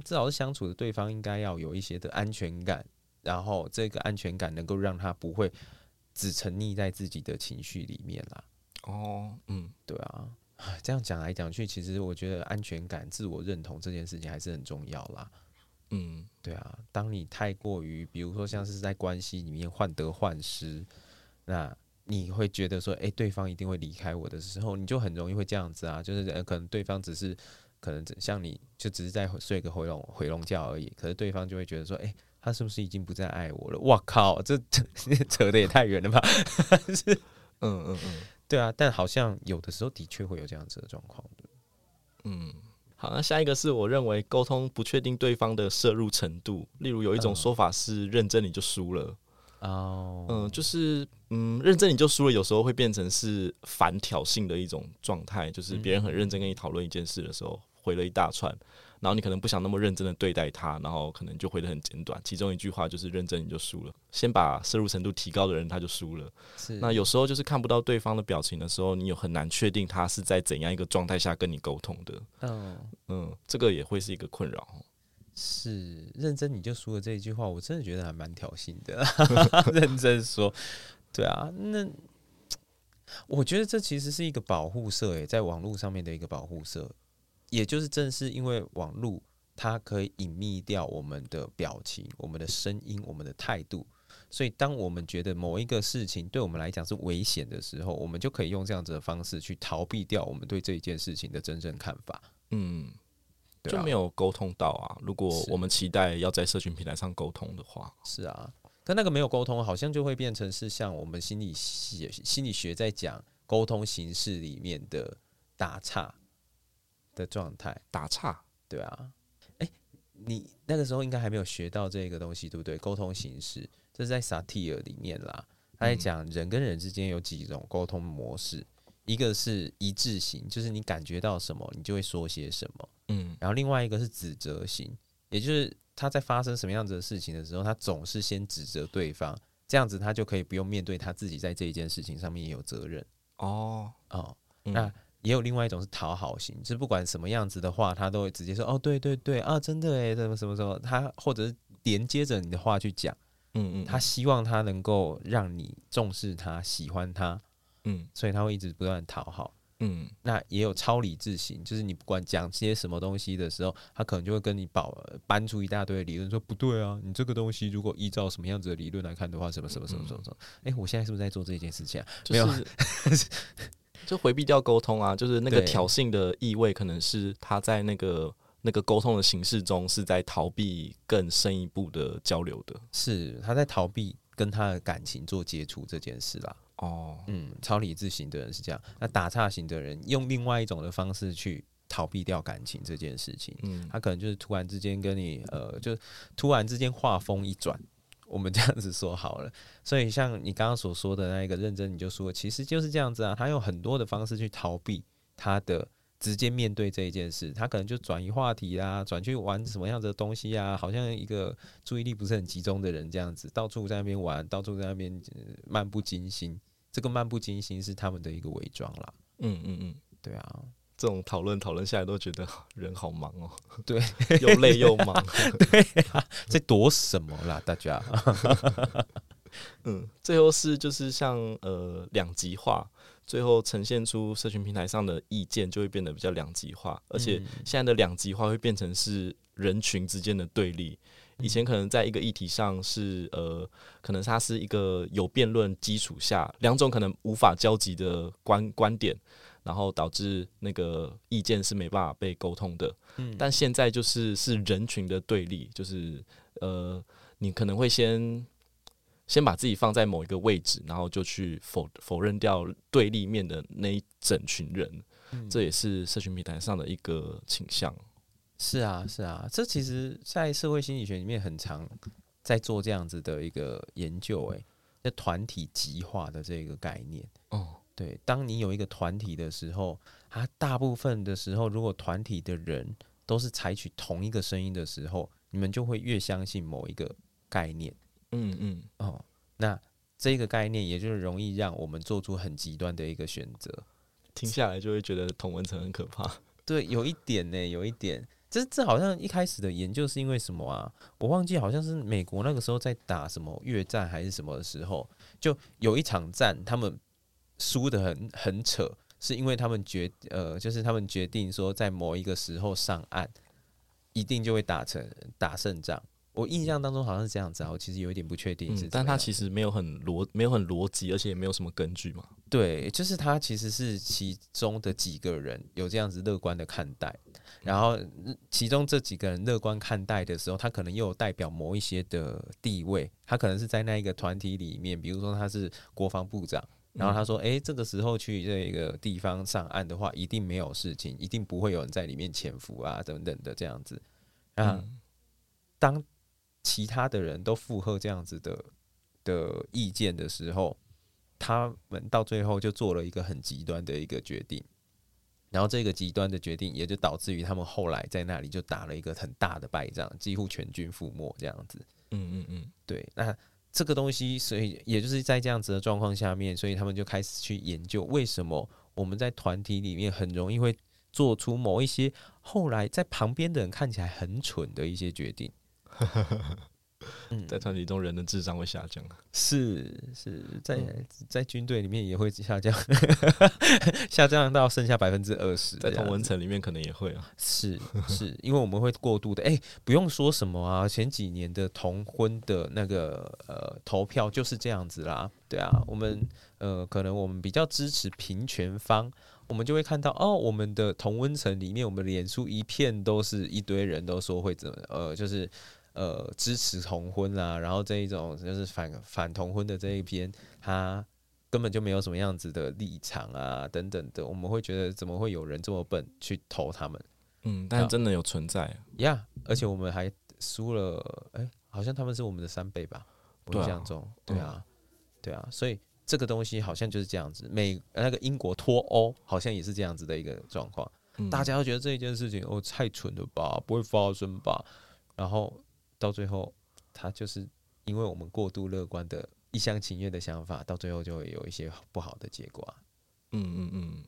至少是相處的對方應該要有一些的安全感，然後這個安全感能夠讓他不會只沉溺在自己的情緒裡面啦。哦、oh.，嗯，對啊，這樣講來講去，其實我覺得安全感、自我認同這件事情還是很重要啦。嗯，對啊，當你太過於，比如說像是在關係裡面患得患失，那你會覺得說，哎、欸，對方一定會離開我的時候，你就很容易會這樣子啊，就是可能對方只是，可能像你就只是在睡個回籠回籠覺而已，可是對方就會覺得說，哎、欸，他是不是已經不再愛我了？我靠，這扯扯得也太遠了吧？是、 [LAUGHS] 嗯，嗯嗯嗯，對啊，但好像有的時候的確會有這樣子的狀況的，嗯。好，那下一個是我認為溝通，不確定對方的涉入程度，例如有一種說法是認真你就輸了。哦、oh.，嗯，就是嗯，認真你就輸了，有時候會變成是反挑釁的一種狀態，就是別人很認真跟你討論一件事的時候，嗯、回了一大串。然後你可能不想那麼認真的對待他，然後可能就回得很簡短。其中一句話就是“認真你就輸了”，先把涉入程度提高的人他就輸了。是。那有時候就是看不到對方的表情的時候，你有很難確定他是在怎樣一個狀態下跟你溝通的。嗯嗯，這個也會是一個困擾。是認真你就輸了這一句話，我真的覺得還蠻挑釁的。 [LAUGHS] 認真說，對啊。那我覺得這其實是一個保護色、欸，哎，在網絡上面的一個保護色。也就是，正是因為網路，它可以隱祕掉我們的表情、我們的聲音、我們的態度，所以當我們覺得某一個事情對我們來講是危險的時候，我們就可以用這樣子的方式去逃避掉我們對這一件事情的真正看法。嗯，就沒有溝通到啊。如果我們期待要在社群平台上溝通的話，是啊，跟那個沒有溝通，好像就會變成是像我們心理學心理學在講溝通形式裡面的打岔。的狀態打岔，對啊，欸，你那個時候應該還沒有學到這個東西，對不對？溝通形式，嗯，這是在薩提爾裡面啦，他在講人跟人之間有幾種溝通模式，嗯，一個是一致型，就是你感覺到什麼，你就會說些什麼，嗯，然後另外一個是指責型，也就是他在發生什麼樣子的事情的時候，他總是先指責對方，這樣子他就可以不用面對他自己在這一件事情上面也有責任哦哦那。嗯啊也有另外一種是討好型，就是不管什麼樣子的話，他都會直接說哦，對對對啊，真的哎，怎麼什麼什麼，他或者是連接着你的話去講，嗯，嗯，他希望他能夠讓你重視他、喜歡他，嗯，所以他會一直不斷討好，嗯。那也有超理智型，就是你不管講些什麼東西的時候，他可能就會跟你保搬出一大堆理論，說不對啊，你這個東西如果依照什麼樣子的理論來看的話，什麼什麼什麼什麼，什麼……哎、嗯欸，我現在是不是在做這件事情啊？就是、沒有。 [LAUGHS] 就回避掉溝通啊，就是那個挑釁的意味，可能是他在那個那個溝通的形式中是在逃避更深一步的交流的，是他在逃避跟他的感情做接觸這件事啦。哦，嗯，超理智型的人是這樣，那打岔型的人用另外一種的方式去逃避掉感情這件事情，嗯，他可能就是突然之間跟你，呃，就突然之間話鋒一轉。我們這樣子說好了，所以像你剛剛所說的那一個認真，你就說其實就是這樣子啊。他用很多的方式去逃避他的直接面對這一件事，他可能就轉移話題啦、啊，轉去玩什麼樣子的東西啊，好像一個注意力不是很集中的人這樣子，到處在那邊玩，到處在那邊漫不經心。這個漫不經心是他們的一個偽裝啦。嗯嗯嗯，對啊。這種討論討論下來，都覺得人好忙哦，喔，對， [LAUGHS] 又累又忙， [LAUGHS] 啊啊。在躲什麼啦？大家， [LAUGHS] 嗯，最後是就是像呃兩極化，最後呈現出社群平台上的意見就會變得比較兩極化，而且現在的兩極化會變成是人群之間的對立。以前可能在一個議題上是呃，可能它是一個有辯論基礎下兩種可能無法交集的觀觀點。然後導致那個意見是沒辦法被溝通的，嗯，但現在就是是人群的對立，就是呃，你可能會先先把自己放在某一個位置，然後就去否否認掉對立面的那一整群人，嗯，這也是社群平台上的一個傾向。是啊，是啊，這其實，在社會心理學裡面很常在做這樣子的一個研究，誒，嗯，那團體極化的這個概念，哦。對，當你有一個團體的時候，它大部分的時候，如果團體的人都是採取同一個聲音的時候，你們就會越相信某一個概念。嗯嗯，哦，那這個概念也就容易讓我們做出很極端的一個選擇，聽下來就會覺得同溫層很可怕。對，有一點呢，有一點，這這好像一開始的研究是因為什麼啊？我忘記，好像是美國那個時候在打什麼越戰還是什麼的時候，就有一場戰，他們。輸得很很扯，是因為他們決呃，就是他們決定說，在某一個時候上岸，一定就會打成打勝仗。我印象當中好像是這樣子，啊，我其實有一點不確定，嗯、但他其實沒有很邏沒有很邏輯，而且也沒有什麼根據嘛。對，就是他其實是其中的幾個人有這樣子樂觀的看待，然後其中這幾個人樂觀看待的時候，他可能又有代表某一些的地位，他可能是在那一個團體裡面，比如說他是國防部長。然後他說：“誒、欸，這個時候去這個地方上岸的話，一定沒有事情，一定不會有人在裡面潛伏啊，等等的這樣子。那，當其他的人都附和這樣子的的意見的時候，他們到最後就做了一個很極端的一個決定。然後這個極端的決定也就導致於他們後來在那裡就打了一個很大的敗仗，幾乎全軍覆沒這樣子。嗯嗯嗯，對，那。”這個東西，所以也就是在這樣子的狀況下面，所以他們就開始去研究，為什麼我們在團體裡面很容易會做出某一些後來在旁邊的人看起來很蠢的一些決定。 [LAUGHS] 嗯、在團體中，人的智商會下降。啊。是是，在在軍隊裡面也會下降，嗯、 [LAUGHS] 下降到剩下百分之二十。在同溫層裡面可能也會啊。是是，因為我們會過度的。哎、 [LAUGHS] 欸，不用說什麼啊，前幾年的同婚的那個呃投票就是這樣子啦。對啊，我們呃可能我們比較支持平權方，我們就會看到哦，我們的同溫層裡面，我們臉書一片都是一堆人都說會怎麼呃就是。呃，支持同婚啦、啊，然後這一種就是反反同婚的這一邊，他根本就沒有什麼樣子的立場啊，等等的，我們會覺得怎麼會有人這麼笨去投他們？嗯，但是真的有存在，呀，yeah, 而且我們還輸了，哎，好像他們是我們的三倍吧？我印象中，對啊,對啊、嗯，對啊，所以這個東西好像就是這樣子，美那個英國脫歐好像也是這樣子的一個狀況，嗯、大家都覺得這一件事情哦太蠢了吧，不會發生吧，然後。到最後，他就是因為我們過度樂觀的一廂情願的想法，到最後就會有一些不好的結果啊。嗯嗯嗯，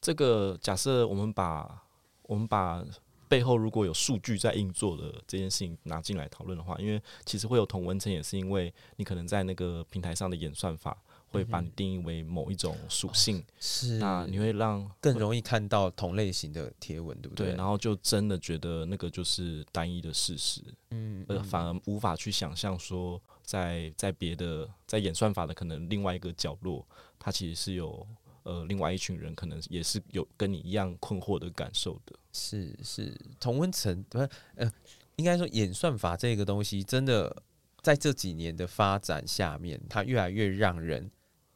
這個假設我們把我們把背後如果有數據在運作的這件事情拿進來討論的話，因為其實會有同溫層，也是因為你可能在那個平台上的演算法。會把你定義為某一種屬性，哦、是啊，你會讓更容易看到同類型的貼文，對不對？對，然後就真的覺得那個就是單一的事實，嗯，而反而無法去想象說在，在在別的在演算法的可能另外一個角落，他其實是有呃另外一群人可能也是有跟你一樣困惑的感受的。是是，同溫層不是呃，應該說演算法這個東西真的在這幾年的發展下面，它越來越讓人，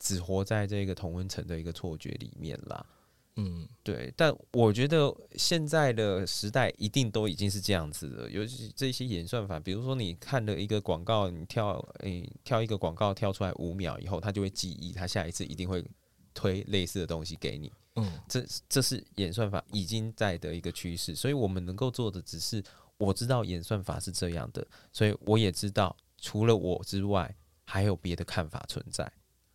只活在這個同溫層的一個錯覺裡面啦，嗯，對，但我覺得現在的時代一定都已經是這樣子的。尤其這些演算法，比如說你看了一個廣告，你跳，欸，跳一個廣告跳出來五秒以後，它就會記憶，它下一次一定會推類似的東西給你，嗯，這這是演算法已經在的一個趨勢，所以我們能夠做的只是我知道演算法是這樣的，所以我也知道除了我之外還有別的看法存在。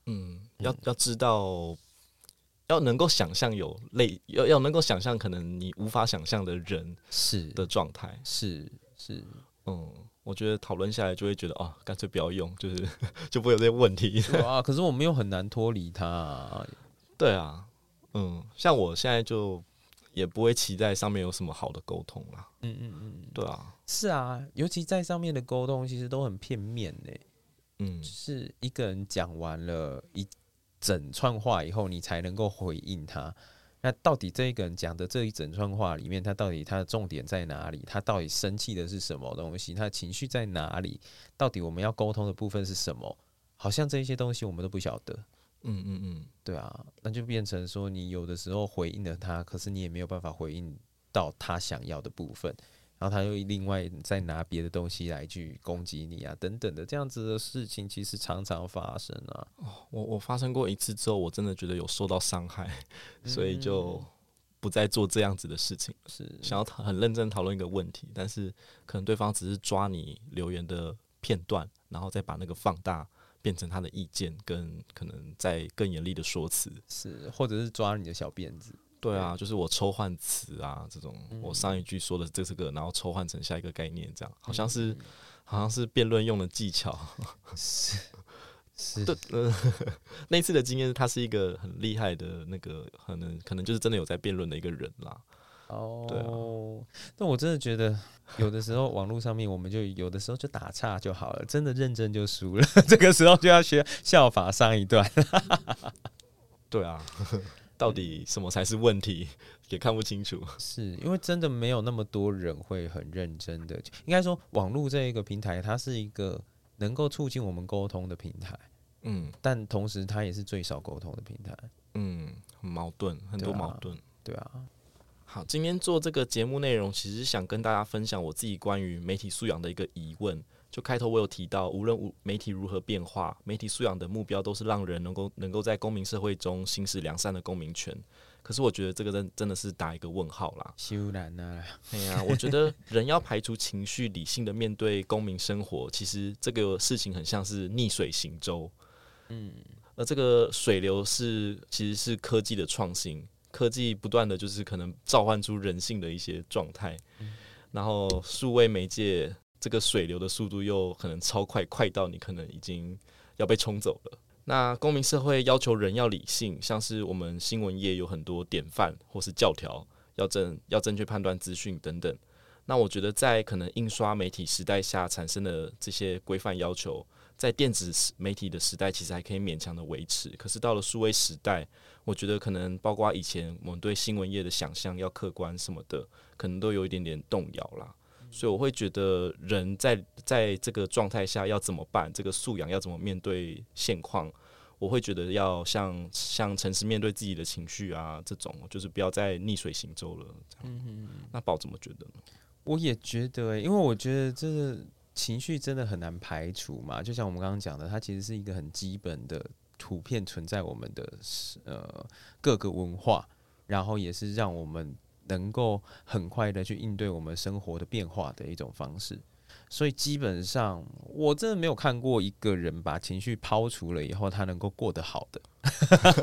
嗯，要要知道，嗯、要能夠想象有類，要要能夠想象可能你無法想象的人是的狀態，是是，是，嗯，我覺得討論下來就會覺得，哦，乾脆不要用，就是 [LAUGHS] 就不會有這些問題啊。可是我們又很難脫離它，對啊，嗯，像我現在就也不會期待上面有什麼好的溝通啦。嗯嗯嗯，對啊，是啊，尤其在上面的溝通其實都很片面嘞。嗯，就是一個人講完了一整串話以後，你才能夠回應他。那到底這一個人講的這一整串話裡面，他到底他的重點在哪裡？他到底生氣的是什麼東西？他的情緒在哪裡？到底我們要溝通的部分是什麼？好像這一些東西我們都不曉得。嗯嗯嗯，對啊，那就變成說，你有的時候回應了他，可是你也沒有辦法回應到他想要的部分。然後他又另外再拿別的東西來去攻擊你啊，等等的這樣子的事情，其實常常發生啊。我我發生過一次之後，我真的覺得有受到傷害，嗯、所以就不再做這樣子的事情。是，想要很認真討論一個問題，但是可能對方只是抓你留言的片段，然後再把那個放大，變成他的意見跟可能再更嚴厲的說辭，是或者是抓你的小辮子。對啊，就是我抽換詞啊，這種我上一句說的這個，然後抽換成下一個概念，這樣好像是、嗯、好像是辯論用的技巧，是，是 [LAUGHS] 對。是是 [LAUGHS] 那次的經驗，他是一個很厲害的那個，可能可能就是真的有在辯論的一個人啦。哦、oh，對、啊，但我真的覺得有的時候網絡上面，我們就有的時候就打岔就好了，真的認真就輸了， [LAUGHS] 這個時候就要學效法上一段。 [LAUGHS] [LAUGHS] 對啊。到底什麼才是問題，也看不清楚。是因為真的沒有那麼多人會很認真的，應該說網絡這一個平台，它是一個能夠促進我們溝通的平台。嗯，但同時它也是最少溝通的平台。嗯，很矛盾，很多矛盾。對啊。對啊，好，今天做這個節目內容，其實想跟大家分享我自己關於媒體素養的一個疑問。就開頭我有提到，無論媒體如何變化，媒體素養的目標都是讓人能夠能夠在公民社會中行使良善的公民權。可是我覺得這個真真的是打一個問號啦。修然啊，對呀、啊，我覺得人要排除情緒，理性的面對公民生活， [LAUGHS] 其實這個事情很像是逆水行舟，嗯，而這個水流是其實是科技的創新，科技不斷的就是可能召喚出人性的一些狀態，嗯，然後數位媒介。嗯這個水流的速度又可能超快，快到你可能已經要被沖走了。那公民社會要求人要理性，像是我們新聞業有很多典範或是教條，要正要正確判斷資訊等等。那我覺得在可能印刷媒體時代下產生的這些規範要求，在電子媒體的時代其實還可以勉強的維持，可是到了數位時代，我覺得可能包括以前我們對新聞業的想象，要客觀什麼的，可能都有一點點動搖啦。所以我會覺得人在在這個狀態下要怎麼辦？這個素養要怎麼面對現況？我會覺得要像像誠實面對自己的情緒啊，這種就是不要再逆水行舟了。嗯，那寶怎麼覺得呢？我也覺得、欸，因為我覺得這個情緒真的很難排除嘛。就像我們剛剛講的，它其實是一個很基本的圖片存在我們的呃各個文化，然後也是讓我們。能夠很快的去應對我們生活的變化的一種方式，所以基本上我真的沒有看過一個人把情緒拋除了以後，他能夠過得好的。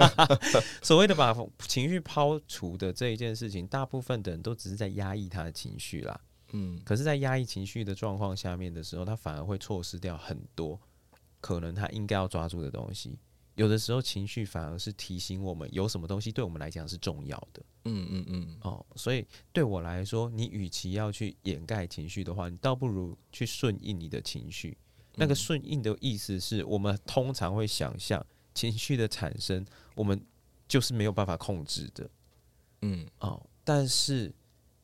[LAUGHS] 所謂的把情緒拋除的這一件事情，大部分的人都只是在壓抑他的情緒啦。嗯，可是，在壓抑情緒的狀況下面的時候，他反而會錯失掉很多可能他應該要抓住的東西。有的時候情緒反而是提醒我們有什麼東西對我們來講是重要的。嗯嗯嗯。哦，所以對我來說，你與其要去掩蓋情緒的話，你倒不如去順應你的情緒。那個順應的意思是，嗯，我們通常會想象情緒的產生，我們就是沒有辦法控制的。嗯，哦，但是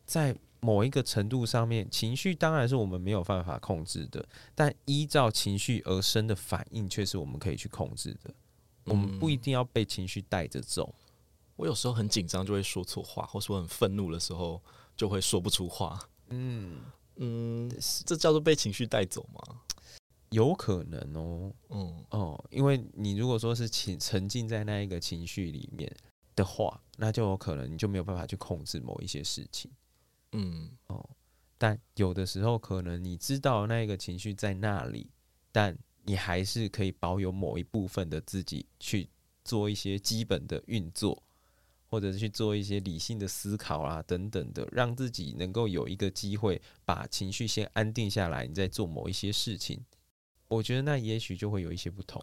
在某一個程度上面，情緒當然是我們沒有辦法控制的，但依照情緒而生的反應卻是我們可以去控制的。我們不一定要被情緒帶着走。嗯，我有時候很緊張就會說錯話，或說很憤怒的時候就會說不出話。嗯嗯，這叫做被情緒帶走嗎？有可能哦。嗯哦，因為你如果說是情沉浸在那一個情緒裡面的話，那就有可能你就沒有辦法去控制某一些事情。嗯哦，但有的時候可能你知道那一個情緒在那裡，但你還是可以保有某一部分的自己，去做一些基本的運作，或者是去做一些理性的思考啊，等等的，讓自己能夠有一個機會把情緒先安定下來，你再做某一些事情。我覺得那也許就會有一些不同。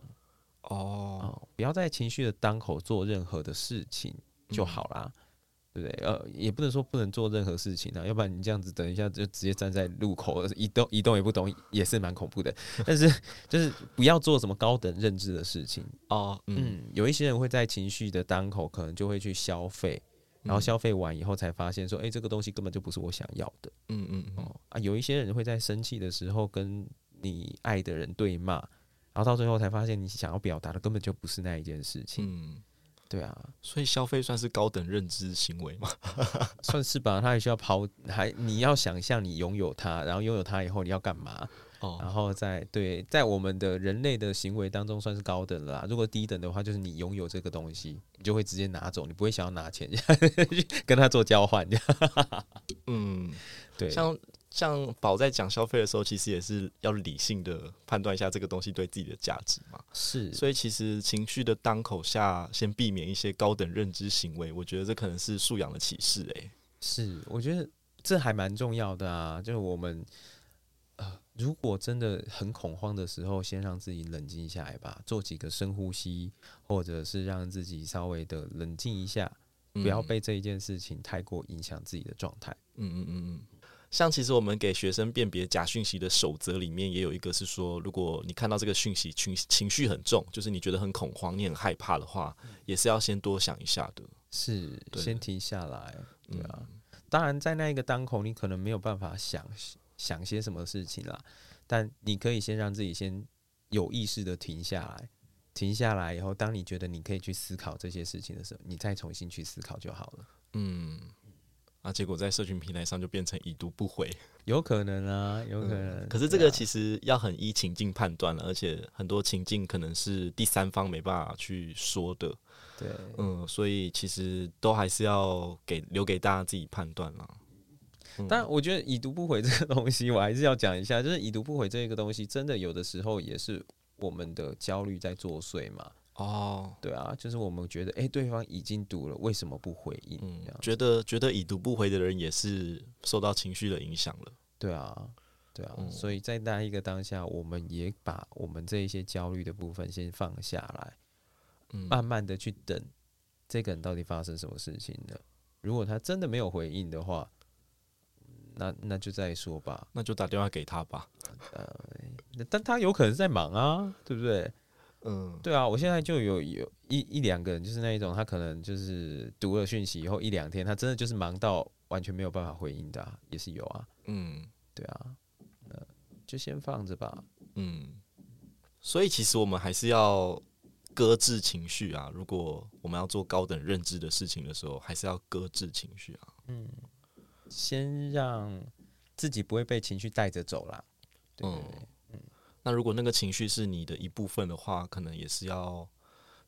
oh. 哦。不要在情緒的當口做任何的事情就好啦。嗯對不對？呃，也不能說不能做任何事情啊，要不然你這樣子，等一下就直接站在路口移動移動也不動，也是蠻恐怖的。 [LAUGHS] 但是就是不要做什麼高等認知的事情哦嗯。嗯，有一些人會在情緒的當口，可能就會去消費、嗯，然後消費完以後才發現說，哎、欸，這個東西根本就不是我想要的。嗯嗯、哦、啊，有一些人會在生氣的時候跟你愛的人對罵，然後到最後才發現你想要表達的根本就不是那一件事情。嗯。對啊，所以消費算是高等認知行為嗎？ [LAUGHS] 算是吧，它也需要拋，還你要想象你擁有它，然後擁有它以後你要幹嘛？哦，然後在對，在我們的人類的行為當中算是高等了啦。如果低等的話，就是你擁有這個東西，你就會直接拿走，你不會想要拿錢 [LAUGHS] 跟他做交換。 [LAUGHS] 嗯，對。像像寶在講消費的時候，其實也是要理性的判斷一下這個東西對自己的價值嘛。是，所以其實情緒的當口下，先避免一些高等認知行為，我覺得這可能是素養的啟示。誒，是，我覺得這還蠻重要的啊。就是我們呃，如果真的很恐慌的時候，先讓自己冷靜下來吧，做幾個深呼吸，或者是讓自己稍微的冷靜一下，嗯，不要被這一件事情太過影響自己的狀態。嗯嗯嗯嗯。像其實我們給學生辨別假訊息的守則裡面也有一個，是說，如果你看到這個訊息情情緒很重，就是你覺得很恐慌、你很害怕的話，嗯、也是要先多想一下的。是，先停下來。對啊，嗯、當然在那一個當口，你可能沒有辦法想想些什麼事情啦，但你可以先讓自己先有意識的停下來，停下來以後，當你覺得你可以去思考這些事情的時候，你再重新去思考就好了。嗯。啊，結果在社群平台上就變成已讀不回，有可能啊，有可能。嗯，可是這個其實要很依情境判斷了，啊，而且很多情境可能是第三方沒辦法去說的。對，嗯，所以其實都還是要給留給大家自己判斷了，嗯。但我覺得已讀不回這個東西，我還是要講一下， [LAUGHS] 就是已讀不回這個東西，真的有的時候也是我們的焦慮在作祟嘛。哦、oh.，對啊，就是我們覺得，哎、欸，對方已經讀了，為什麼不回應、嗯？覺得覺得已讀不回的人也是受到情緒的影響了。對啊，對啊、嗯，所以在那一個當下，我們也把我們這一些焦慮的部分先放下來，嗯、慢慢的去等這個人到底發生什麼事情了。如果他真的沒有回應的話，那那就再說吧，那就打電話給他吧。但他有可能在忙啊， [LAUGHS] 對不對？嗯，對啊，我現在就有有一一兩個人，就是那一種，他可能就是讀了訊息以後一兩天，他真的就是忙到完全沒有辦法回應的啊，也是有啊。嗯，對啊，就先放着吧。嗯，所以其實我們還是要擱置情緒啊。如果我們要做高等認知的事情的時候，還是要擱置情緒啊。嗯，先讓自己不會被情緒帶着走啦。對，對。嗯那如果那個情緒是你的一部分的話，可能也是要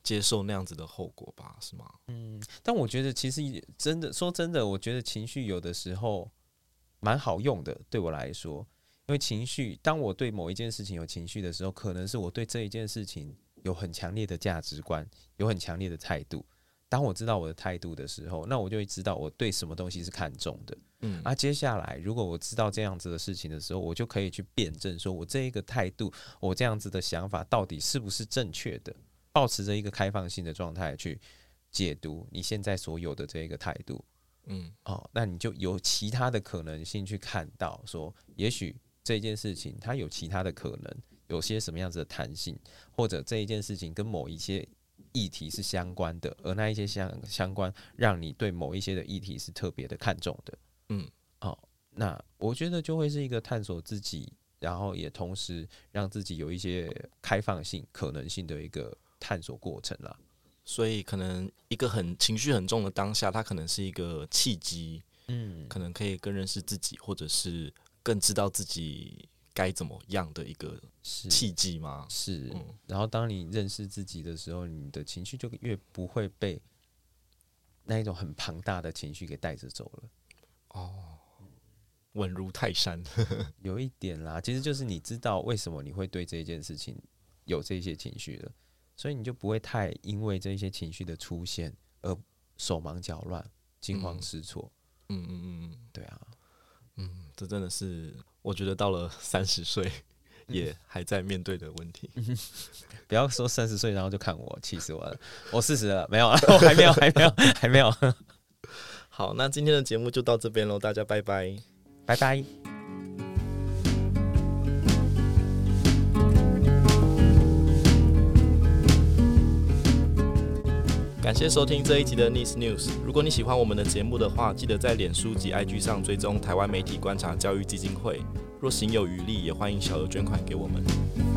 接受那樣子的後果吧，是嗎？嗯，但我覺得其實真的說真的，我覺得情緒有的時候蠻好用的。對我來說，因為情緒，當我對某一件事情有情緒的時候，可能是我對這一件事情有很強烈的價值觀，有很強烈的態度。當我知道我的態度的時候，那我就會知道我對什麼東西是看重的。嗯，啊，接下來如果我知道這樣子的事情的時候，我就可以去辯證，說我這一個態度，我這樣子的想法到底是不是正確的？保持着一個開放性的狀態去解讀你現在所有的這一個態度，嗯，哦，那你就有其他的可能性去看到，說也許這件事情它有其他的可能，有些什麼樣子的彈性，或者這一件事情跟某一些。議題是相關的，而那一些相相關，讓你對某一些的議題是特別的看重的，嗯，好、哦，那我覺得就會是一個探索自己，然後也同時讓自己有一些開放性、可能性的一個探索過程了。所以，可能一個很情緒很重的當下，它可能是一個契機，嗯，可能可以更認識自己，或者是更知道自己。該怎麼樣的一個契機嗎？是、是，嗯，然後當你認識自己的時候，你的情緒就越不會被那一種很龐大的情緒給帶着走了。哦，穩如泰山，呵呵。有一點啦，其實就是你知道為什麼你會對這件事情有這些情緒的，所以你就不會太因為這些情緒的出現而手忙腳亂、驚慌失措。嗯嗯嗯嗯，對啊，嗯，這真的是。我覺得到了三十歲，也還在面對的問題、嗯。 [LAUGHS] 不要說三十歲，然後就看我氣死我了，我四十了，沒有，我還沒有, [LAUGHS] 還沒有，還沒有，還沒有。好，那今天的節目就到這邊嘍，大家拜拜，拜拜。感謝收聽這一集的《Niss News》。如果你喜歡我們的節目的話，記得在臉書及 IG 上追蹤台灣媒體觀察教育基金會。若行有餘力，也歡迎小額捐款給我們。